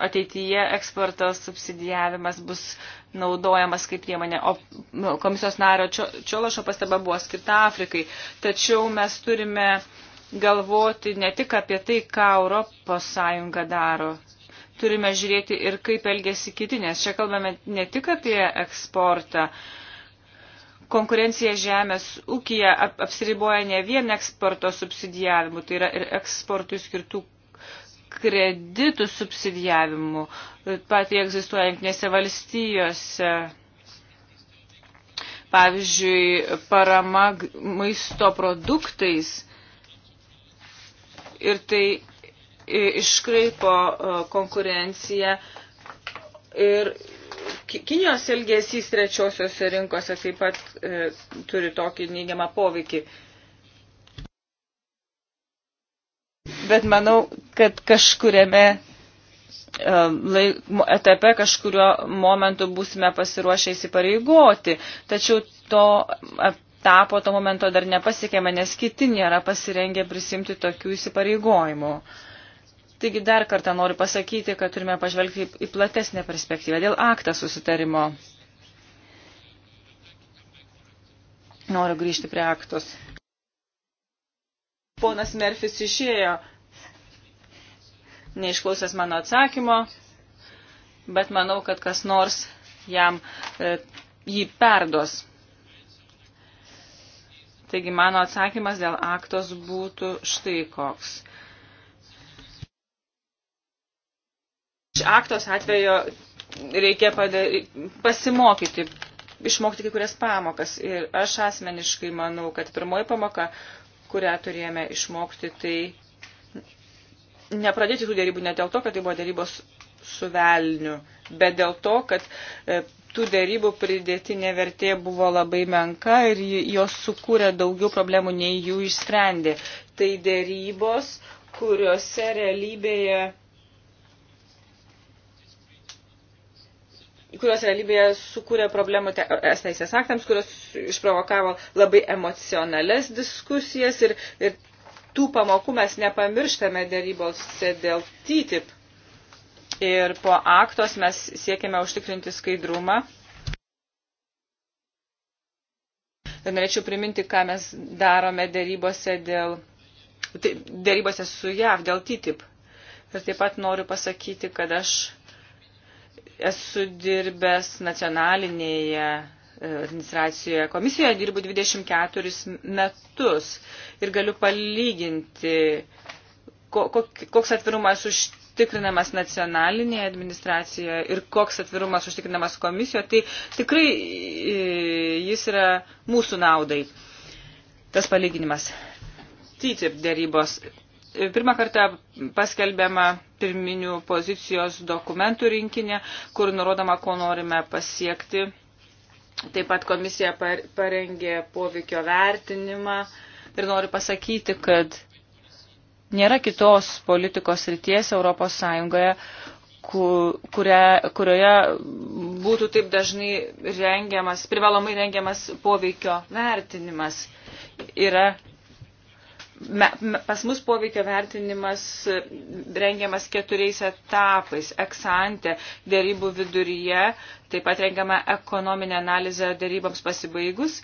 A: ateityje eksporto subsidijavimas bus naudojamas kaip priemonė, o nu, komisijos nario Čiološo pastaba buvo skirta Afrikai. Tačiau mes turime galvoti ne tik apie tai, ką Europos Sąjunga daro. Turime žiūrėti ir kaip elgesi kiti, nes čia kalbame ne tik apie eksportą, konkurencija žemės ūkija apsiriboja ne vien eksporto subsidijavimu, tai yra ir eksportui skirtų kreditų subsidijavimu, patį egzistuoja jungtinėse valstijose. Pavyzdžiui, parama maisto produktais ir tai iškraipo e, konkurenciją ir Kinijos elgesys trečiosiuose rinkose taip pat e, turi tokį neigiamą poveikį. E, bet manau, kad kažkuriame um, etape kažkurio momentu būsime pasiruošę įsipareigoti. Tačiau to etapo, to momento dar nepasiekėme, nes kiti nėra pasirengę prisimti tokių įsipareigojimų. Taigi dar kartą noriu pasakyti, kad turime pažvelgti į platesnę perspektyvą dėl aktą susitarimo. Noriu grįžti prie aktos ponas Merfis išėjo, neišklausęs mano atsakymo, bet manau, kad kas nors jam e, jį perdos. Taigi mano atsakymas dėl aktos būtų štai koks. Iš aktos atvejo reikia padary, pasimokyti, išmokti kai kurias pamokas. Ir aš asmeniškai manau, kad pirmoji pamoka, kurią turėjome išmokti, tai nepradėti tų dėrybų ne dėl to, kad tai buvo dėrybos su velniu, bet dėl to, kad e, tų dėrybų pridėtinė vertė buvo labai menka ir jos sukūrė daugiau problemų, nei jų išsprendė. Tai dėrybos, kuriuose realybėje kurios realybėje sukūrė problemų te, es teisės aktams, kurios išprovokavo labai emocionales diskusijas ir, ir tų pamokų mes nepamirštame dėrybose dėl TTIP. Ir po aktos mes siekime užtikrinti skaidrumą. Ir norėčiau priminti, ką mes darome dėrybose, dėl, tai, dėrybose su JAV dėl TTIP. Ir taip pat noriu pasakyti, kad aš Esu dirbęs nacionalinėje e, administracijoje. Komisijoje dirbu 24 metus ir galiu palyginti, koks atvirumas užtikrinamas nacionalinėje administracijoje ir koks atvirumas užtikrinamas komisijoje. Tai tikrai e, jis yra mūsų naudai. Tas palyginimas. TTIP dėrybos. Pirmą kartą paskelbėma pirminių pozicijos dokumentų rinkinį, kur nurodoma, ko norime pasiekti. Taip pat komisija parengė poveikio vertinimą ir noriu pasakyti, kad nėra kitos politikos ryties Europos Sąjungoje, kuria, kurioje būtų taip dažnai rengiamas, privalomai rengiamas poveikio vertinimas. Yra Pas mus poveikio vertinimas e, rengiamas keturiais etapais - eksante, dėrybų viduryje, taip pat rengiama ekonominė analizė dėryboms pasibaigus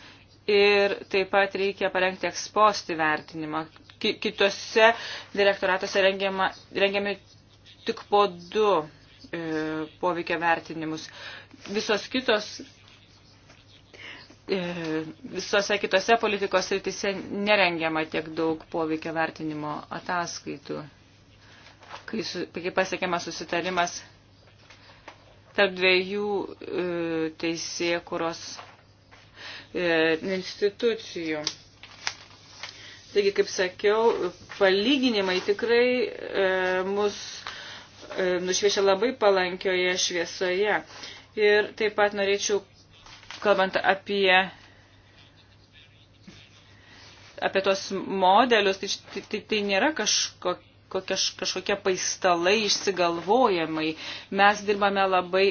A: ir taip pat reikia parengti ekspostį vertinimą. Kitose direktoratuose rengiama, rengiami tik po du e, poveikio vertinimus. Visos kitos E, visose kitose politikos rytise nerengiama tiek daug poveikio vertinimo ataskaitų, kai, su, kai pasiekiamas susitarimas tarp dviejų e, teisėkuros e, institucijų. Taigi, kaip sakiau, palyginimai tikrai e, mus e, nušviečia labai palankioje šviesoje. Ir taip pat norėčiau kalbant apie apie tos modelius, tai, tai, tai, tai nėra kažkokia kažkokie paistalai išsigalvojimai. Mes dirbame labai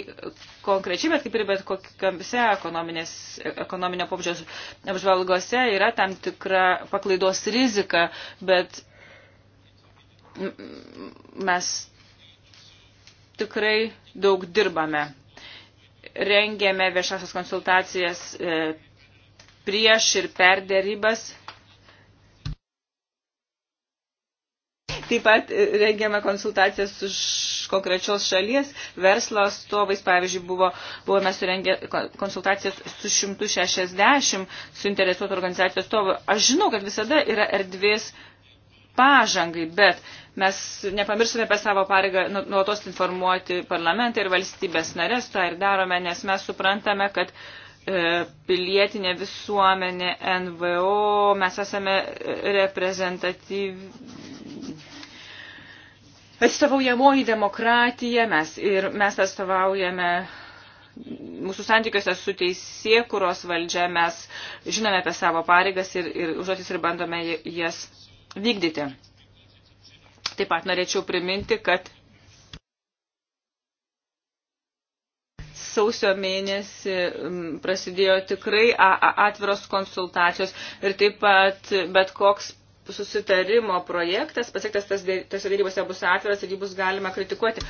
A: konkrečiai, bet kaip ir bet kokiamse ekonominio pobūdžio apžvalgose yra tam tikra paklaidos rizika, bet mes tikrai daug dirbame rengėme viešasias konsultacijas e, prieš ir per dėrybas. Taip pat e, rengėme konsultacijas už konkrečios šalies verslo atstovais. Pavyzdžiui, buvo, buvome surengę konsultacijas su 160 suinteresuotų organizacijų atstovų. Aš žinau, kad visada yra erdvės pažangai, bet mes nepamirštume apie savo pareigą nu- nuolatos informuoti parlamentą ir valstybės narės, tą ir darome, nes mes suprantame, kad e, pilietinė visuomenė, NVO, mes esame e, reprezentatyvi. Atstovaujamoji demokratija, mes ir mes atstovaujame mūsų santykiuose su teisėkuros valdžia, mes žinome apie savo pareigas ir, ir užduotis ir bandome jas vykdyti. Taip pat norėčiau priminti, kad sausio mėnesį prasidėjo tikrai atviros konsultacijos ir taip pat bet koks susitarimo projektas, pasiektas tose dėrybose bus atviras ir jį bus galima kritikuoti.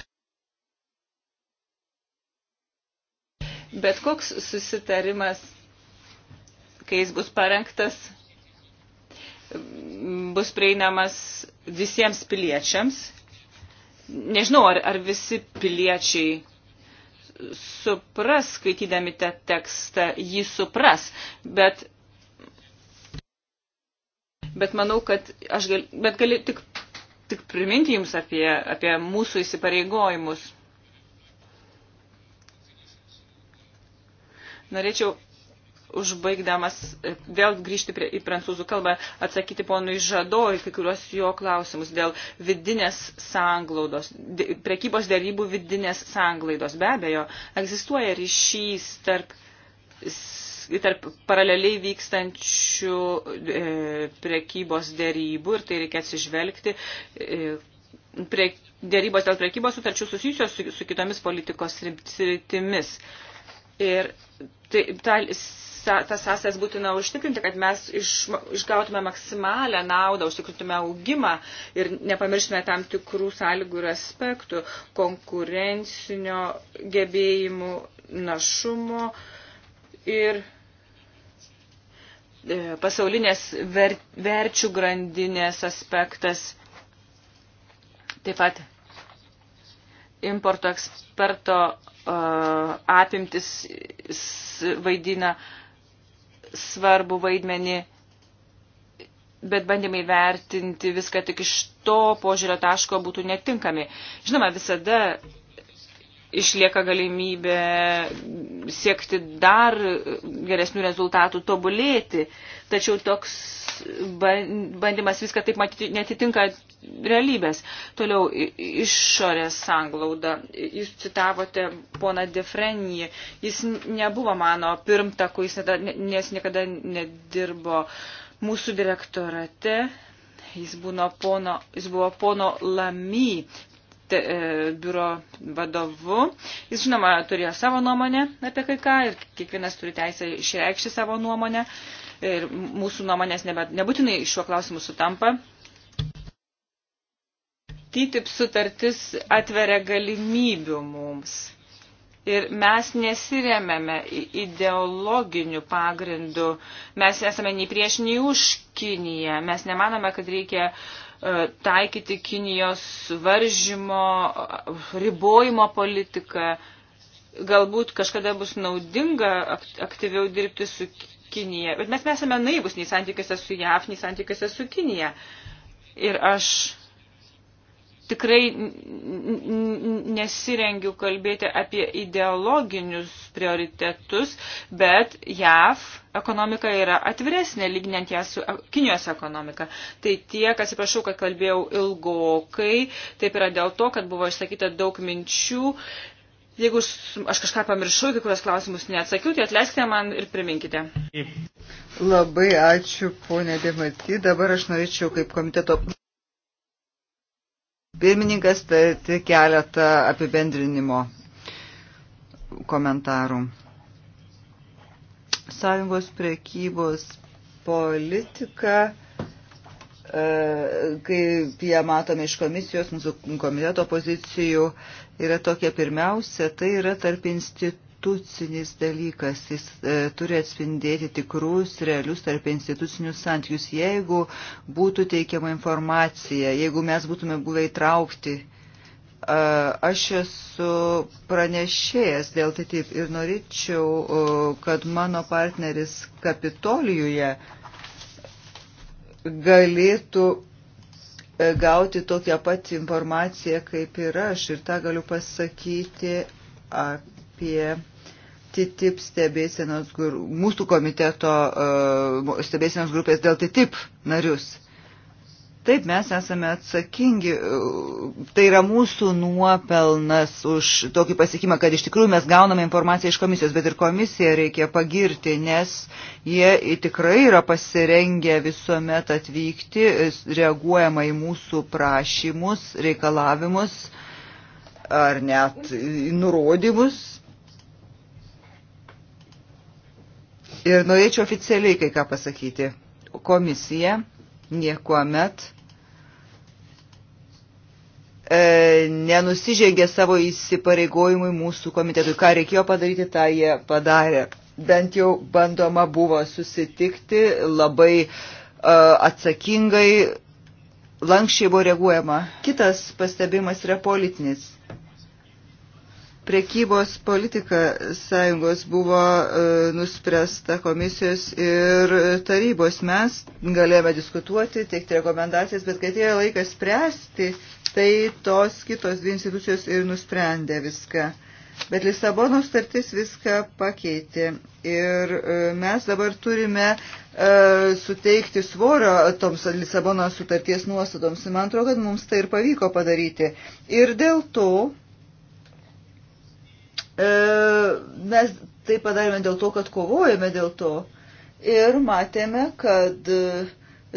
A: Bet koks susitarimas, kai jis bus parengtas, bus prieinamas visiems piliečiams. Nežinau, ar, ar visi piliečiai supras, skaitydami tą tekstą, jį supras, bet, bet manau, kad aš gal, bet galiu tik, tik priminti jums apie, apie mūsų įsipareigojimus. Norėčiau užbaigdamas e, vėl grįžti prie, į prancūzų kalbą, atsakyti ponui Žado į kai kuriuos jo klausimus dėl vidinės sanglaudos, prekybos dėrybų vidinės sanglaidos. Be abejo, egzistuoja ryšys tarp tarp paraleliai vykstančių e, prekybos dėrybų ir tai reikia atsižvelgti. E, prie, dėrybos dėl prekybos sutarčių susijusios su, su kitomis politikos sritimis. E, Ir tai, ta, tas sąsas būtina užtikrinti, kad mes iš, išgautume maksimalę naudą, užtikrintume augimą ir nepamirštume tam tikrų sąlygų ir aspektų - konkurencinio gebėjimų, našumo ir e, pasaulinės ver, verčių grandinės aspektas. Taip pat importo eksperto apimtis vaidina svarbu vaidmenį, bet bandymai vertinti viską tik iš to požiūrio taško būtų netinkami. Žinoma, visada išlieka galimybė siekti dar geresnių rezultatų, tobulėti, tačiau toks bandymas viską taip matyti netitinka realybės. Toliau išorės sanglauda. Jūs citavote poną Defrenį. Jis nebuvo mano pirmtakų, jis niekada, nes niekada nedirbo mūsų direktorate. Jis buvo pono, jis buvo pono Lamy te, e, biuro vadovu. Jis, žinoma, turėjo savo nuomonę apie kai ką ir kiekvienas turi teisę išreikšti savo nuomonę. Ir mūsų nuomonės nebe, nebūtinai šiuo klausimu sutampa. TTIP sutartis atveria galimybių mums. Ir mes nesiremėme ideologinių pagrindų. Mes esame nei prieš, nei už Kiniją. Mes nemanome, kad reikia uh, E, taikyti Kinijos varžymo, e, ribojimo politiką. Galbūt kažkada bus naudinga aktyviau dirbti su Kinija. Bet mes nesame naivus nei santykiuose su JAV, nei santykiuose su Kinija. Ir aš tikrai nesirengiu kalbėti apie ideologinius prioritetus, bet JAV ekonomika yra atviresnė, lygnant ją su e, Kinijos ekonomika. Tai tiek, atsiprašau, kad kalbėjau ilgokai, taip yra dėl to, kad buvo išsakyta daug minčių. Jeigu aš kažką pamiršau, kai kurios klausimus neatsakiau, tai atleiskite man ir priminkite.
C: Labai ačiū, ponė Demati. Dabar aš norėčiau kaip komiteto pirmininkas tarti keletą apibendrinimo komentarų sąjungos prekybos politiką, e, kaip ją matome iš komisijos, mūsų komiteto pozicijų, yra tokia pirmiausia, tai yra tarp institucinis dalykas. Jis e, turi atspindėti tikrus, realius tarp institucinius santykius. Jeigu būtų teikiama informacija, jeigu mes būtume buvę įtraukti Aš esu pranešėjęs dėl TTIP ir norėčiau, kad mano partneris Kapitolijuje galėtų e, gauti tokią pat informaciją kaip ir aš. Ir tą galiu pasakyti apie TTIP stebėsienos, mūsų komiteto e, stebėsienos grupės dėl TTIP narius. Taip, mes esame atsakingi, tai yra mūsų nuopelnas už tokį pasiekimą, kad iš tikrųjų mes gauname informaciją iš komisijos, bet ir komisiją reikia pagirti, nes jie tikrai yra pasirengę visuomet atvykti, reaguojama į mūsų prašymus, reikalavimus ar net nurodymus. Ir norėčiau oficialiai kai ką pasakyti. Komisija niekuomet E, nenusižengė savo įsipareigojimui mūsų komitetui. Ką reikėjo padaryti, tą jie padarė. Bent jau bandoma buvo susitikti, labai e, atsakingai, lankščiai buvo reaguojama. Kitas pastebimas yra politinis. Prekybos politika sąjungos buvo e, nuspręsta komisijos ir tarybos. Mes galėjome diskutuoti, teikti rekomendacijas, bet kai atėjo laikas spręsti, tai tos kitos dvi institucijos ir nusprendė viską. Bet Lisabono startis viską pakeitė ir e, mes dabar turime e, suteikti svorio toms Lisabono sutarties nuostatoms. Man atrodo, kad mums tai ir pavyko padaryti. Ir dėl to E, mes tai padarėme dėl to, kad kovojame dėl to. Ir matėme, kad e,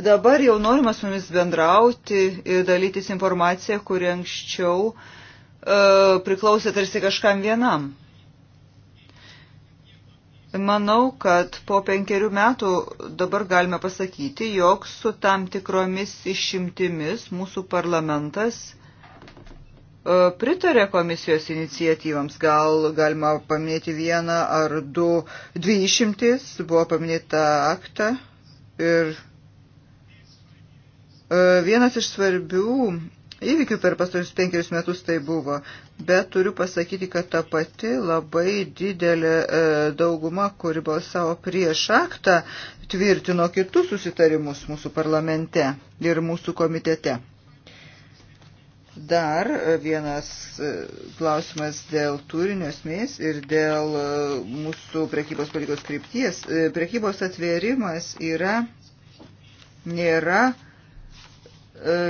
C: dabar jau norima su mumis bendrauti ir dalytis informaciją, kuri anksčiau e, priklausė tarsi kažkam vienam. Manau, kad po penkerių metų dabar galime pasakyti, jog su tam tikromis išimtimis mūsų parlamentas E, pritarė komisijos inicijatyvams. Gal galima paminėti vieną ar du, dvi išimtis, buvo paminėta akta ir e, vienas iš svarbių įvykių per pastarus penkerius metus tai buvo, bet turiu pasakyti, kad ta pati labai didelė e, dauguma, kuri balsavo prieš aktą, tvirtino kitus susitarimus mūsų parlamente ir mūsų komitete. Dar e, vienas e, klausimas dėl turinio esmės ir dėl e, mūsų prekybos politikos krypties. Prekybos atvėrimas yra, nėra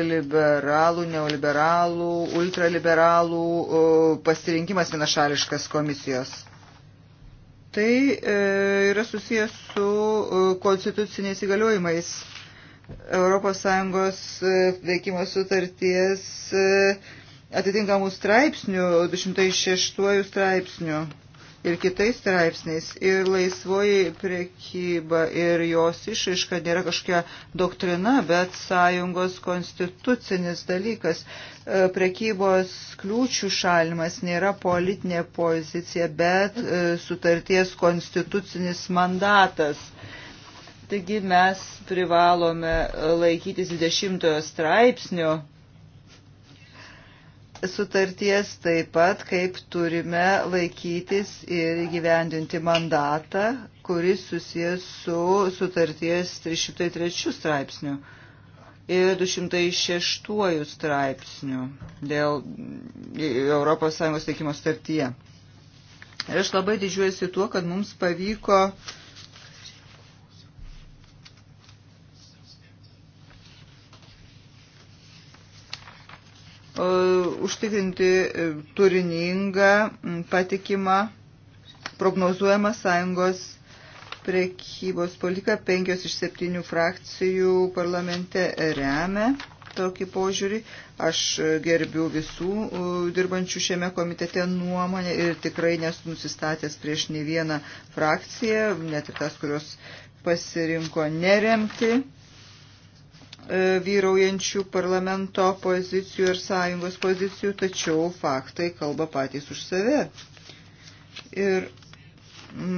C: liberalų, neoliberalų, ultraliberalų pasirinkimas vienašališkas komisijos. Tai yra susijęs su konstituciniais įgaliojimais ES e, veikimo sutarties e, atitinkamų straipsnių, 206 straipsnių ir kitais straipsniais. Ir laisvoji priekyba ir jos išaiška nėra kažkokia doktrina, bet sąjungos konstitucinis dalykas. E, Priekybos kliūčių šalimas nėra politinė pozicija, bet sutarties konstitucinis mandatas. Taigi mes privalome laikytis 20 straipsnio sutarties taip pat, kaip turime laikytis ir gyvendinti mandatą, kuris susijęs su sutarties 303 straipsniu ir 206 straipsniu dėl ES teikimo sutartyje. Ir aš labai didžiuojasi tuo, kad mums pavyko uh, užtikrinti e, turiningą, patikimą, prognozuojamą sąjungos prekybos politiką. Penkios iš septynių frakcijų parlamente remia tokį požiūrį. Aš gerbiu visų dirbančių šiame komitete nuomonę ir tikrai nesu nusistatęs prieš ne vieną frakciją, net ir tas, kurios pasirinko neremti E, vyraujančių parlamento pozicijų ir sąjungos pozicijų, tačiau faktai kalba patys už save. Ir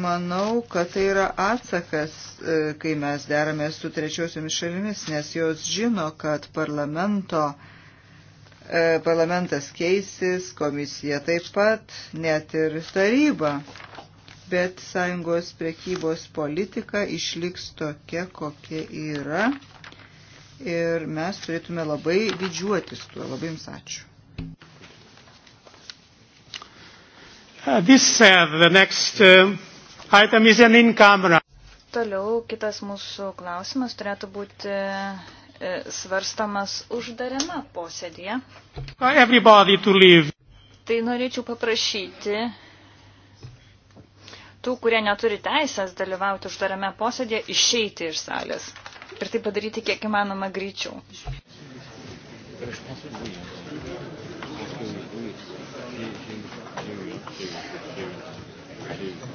C: manau, kad tai yra atsakas, e, kai mes derame su trečiosiomis šalimis, nes jos žino, kad parlamento, e, parlamentas keisis, komisija taip pat, net ir taryba bet sąjungos prekybos politika išliks tokia, kokia yra ir mes turėtume labai didžiuotis tuo. Labai jums ačiū. Uh, this, uh, next, uh,
B: Toliau kitas mūsų klausimas turėtų būti uh, svarstamas uždariame posėdėje. Tai norėčiau paprašyti tų, kurie neturi teisės dalyvauti uždariame posėdėje, išeiti iš salės ir tai padaryti kiek įmanoma greičiau.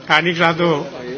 A: Annick Jadot.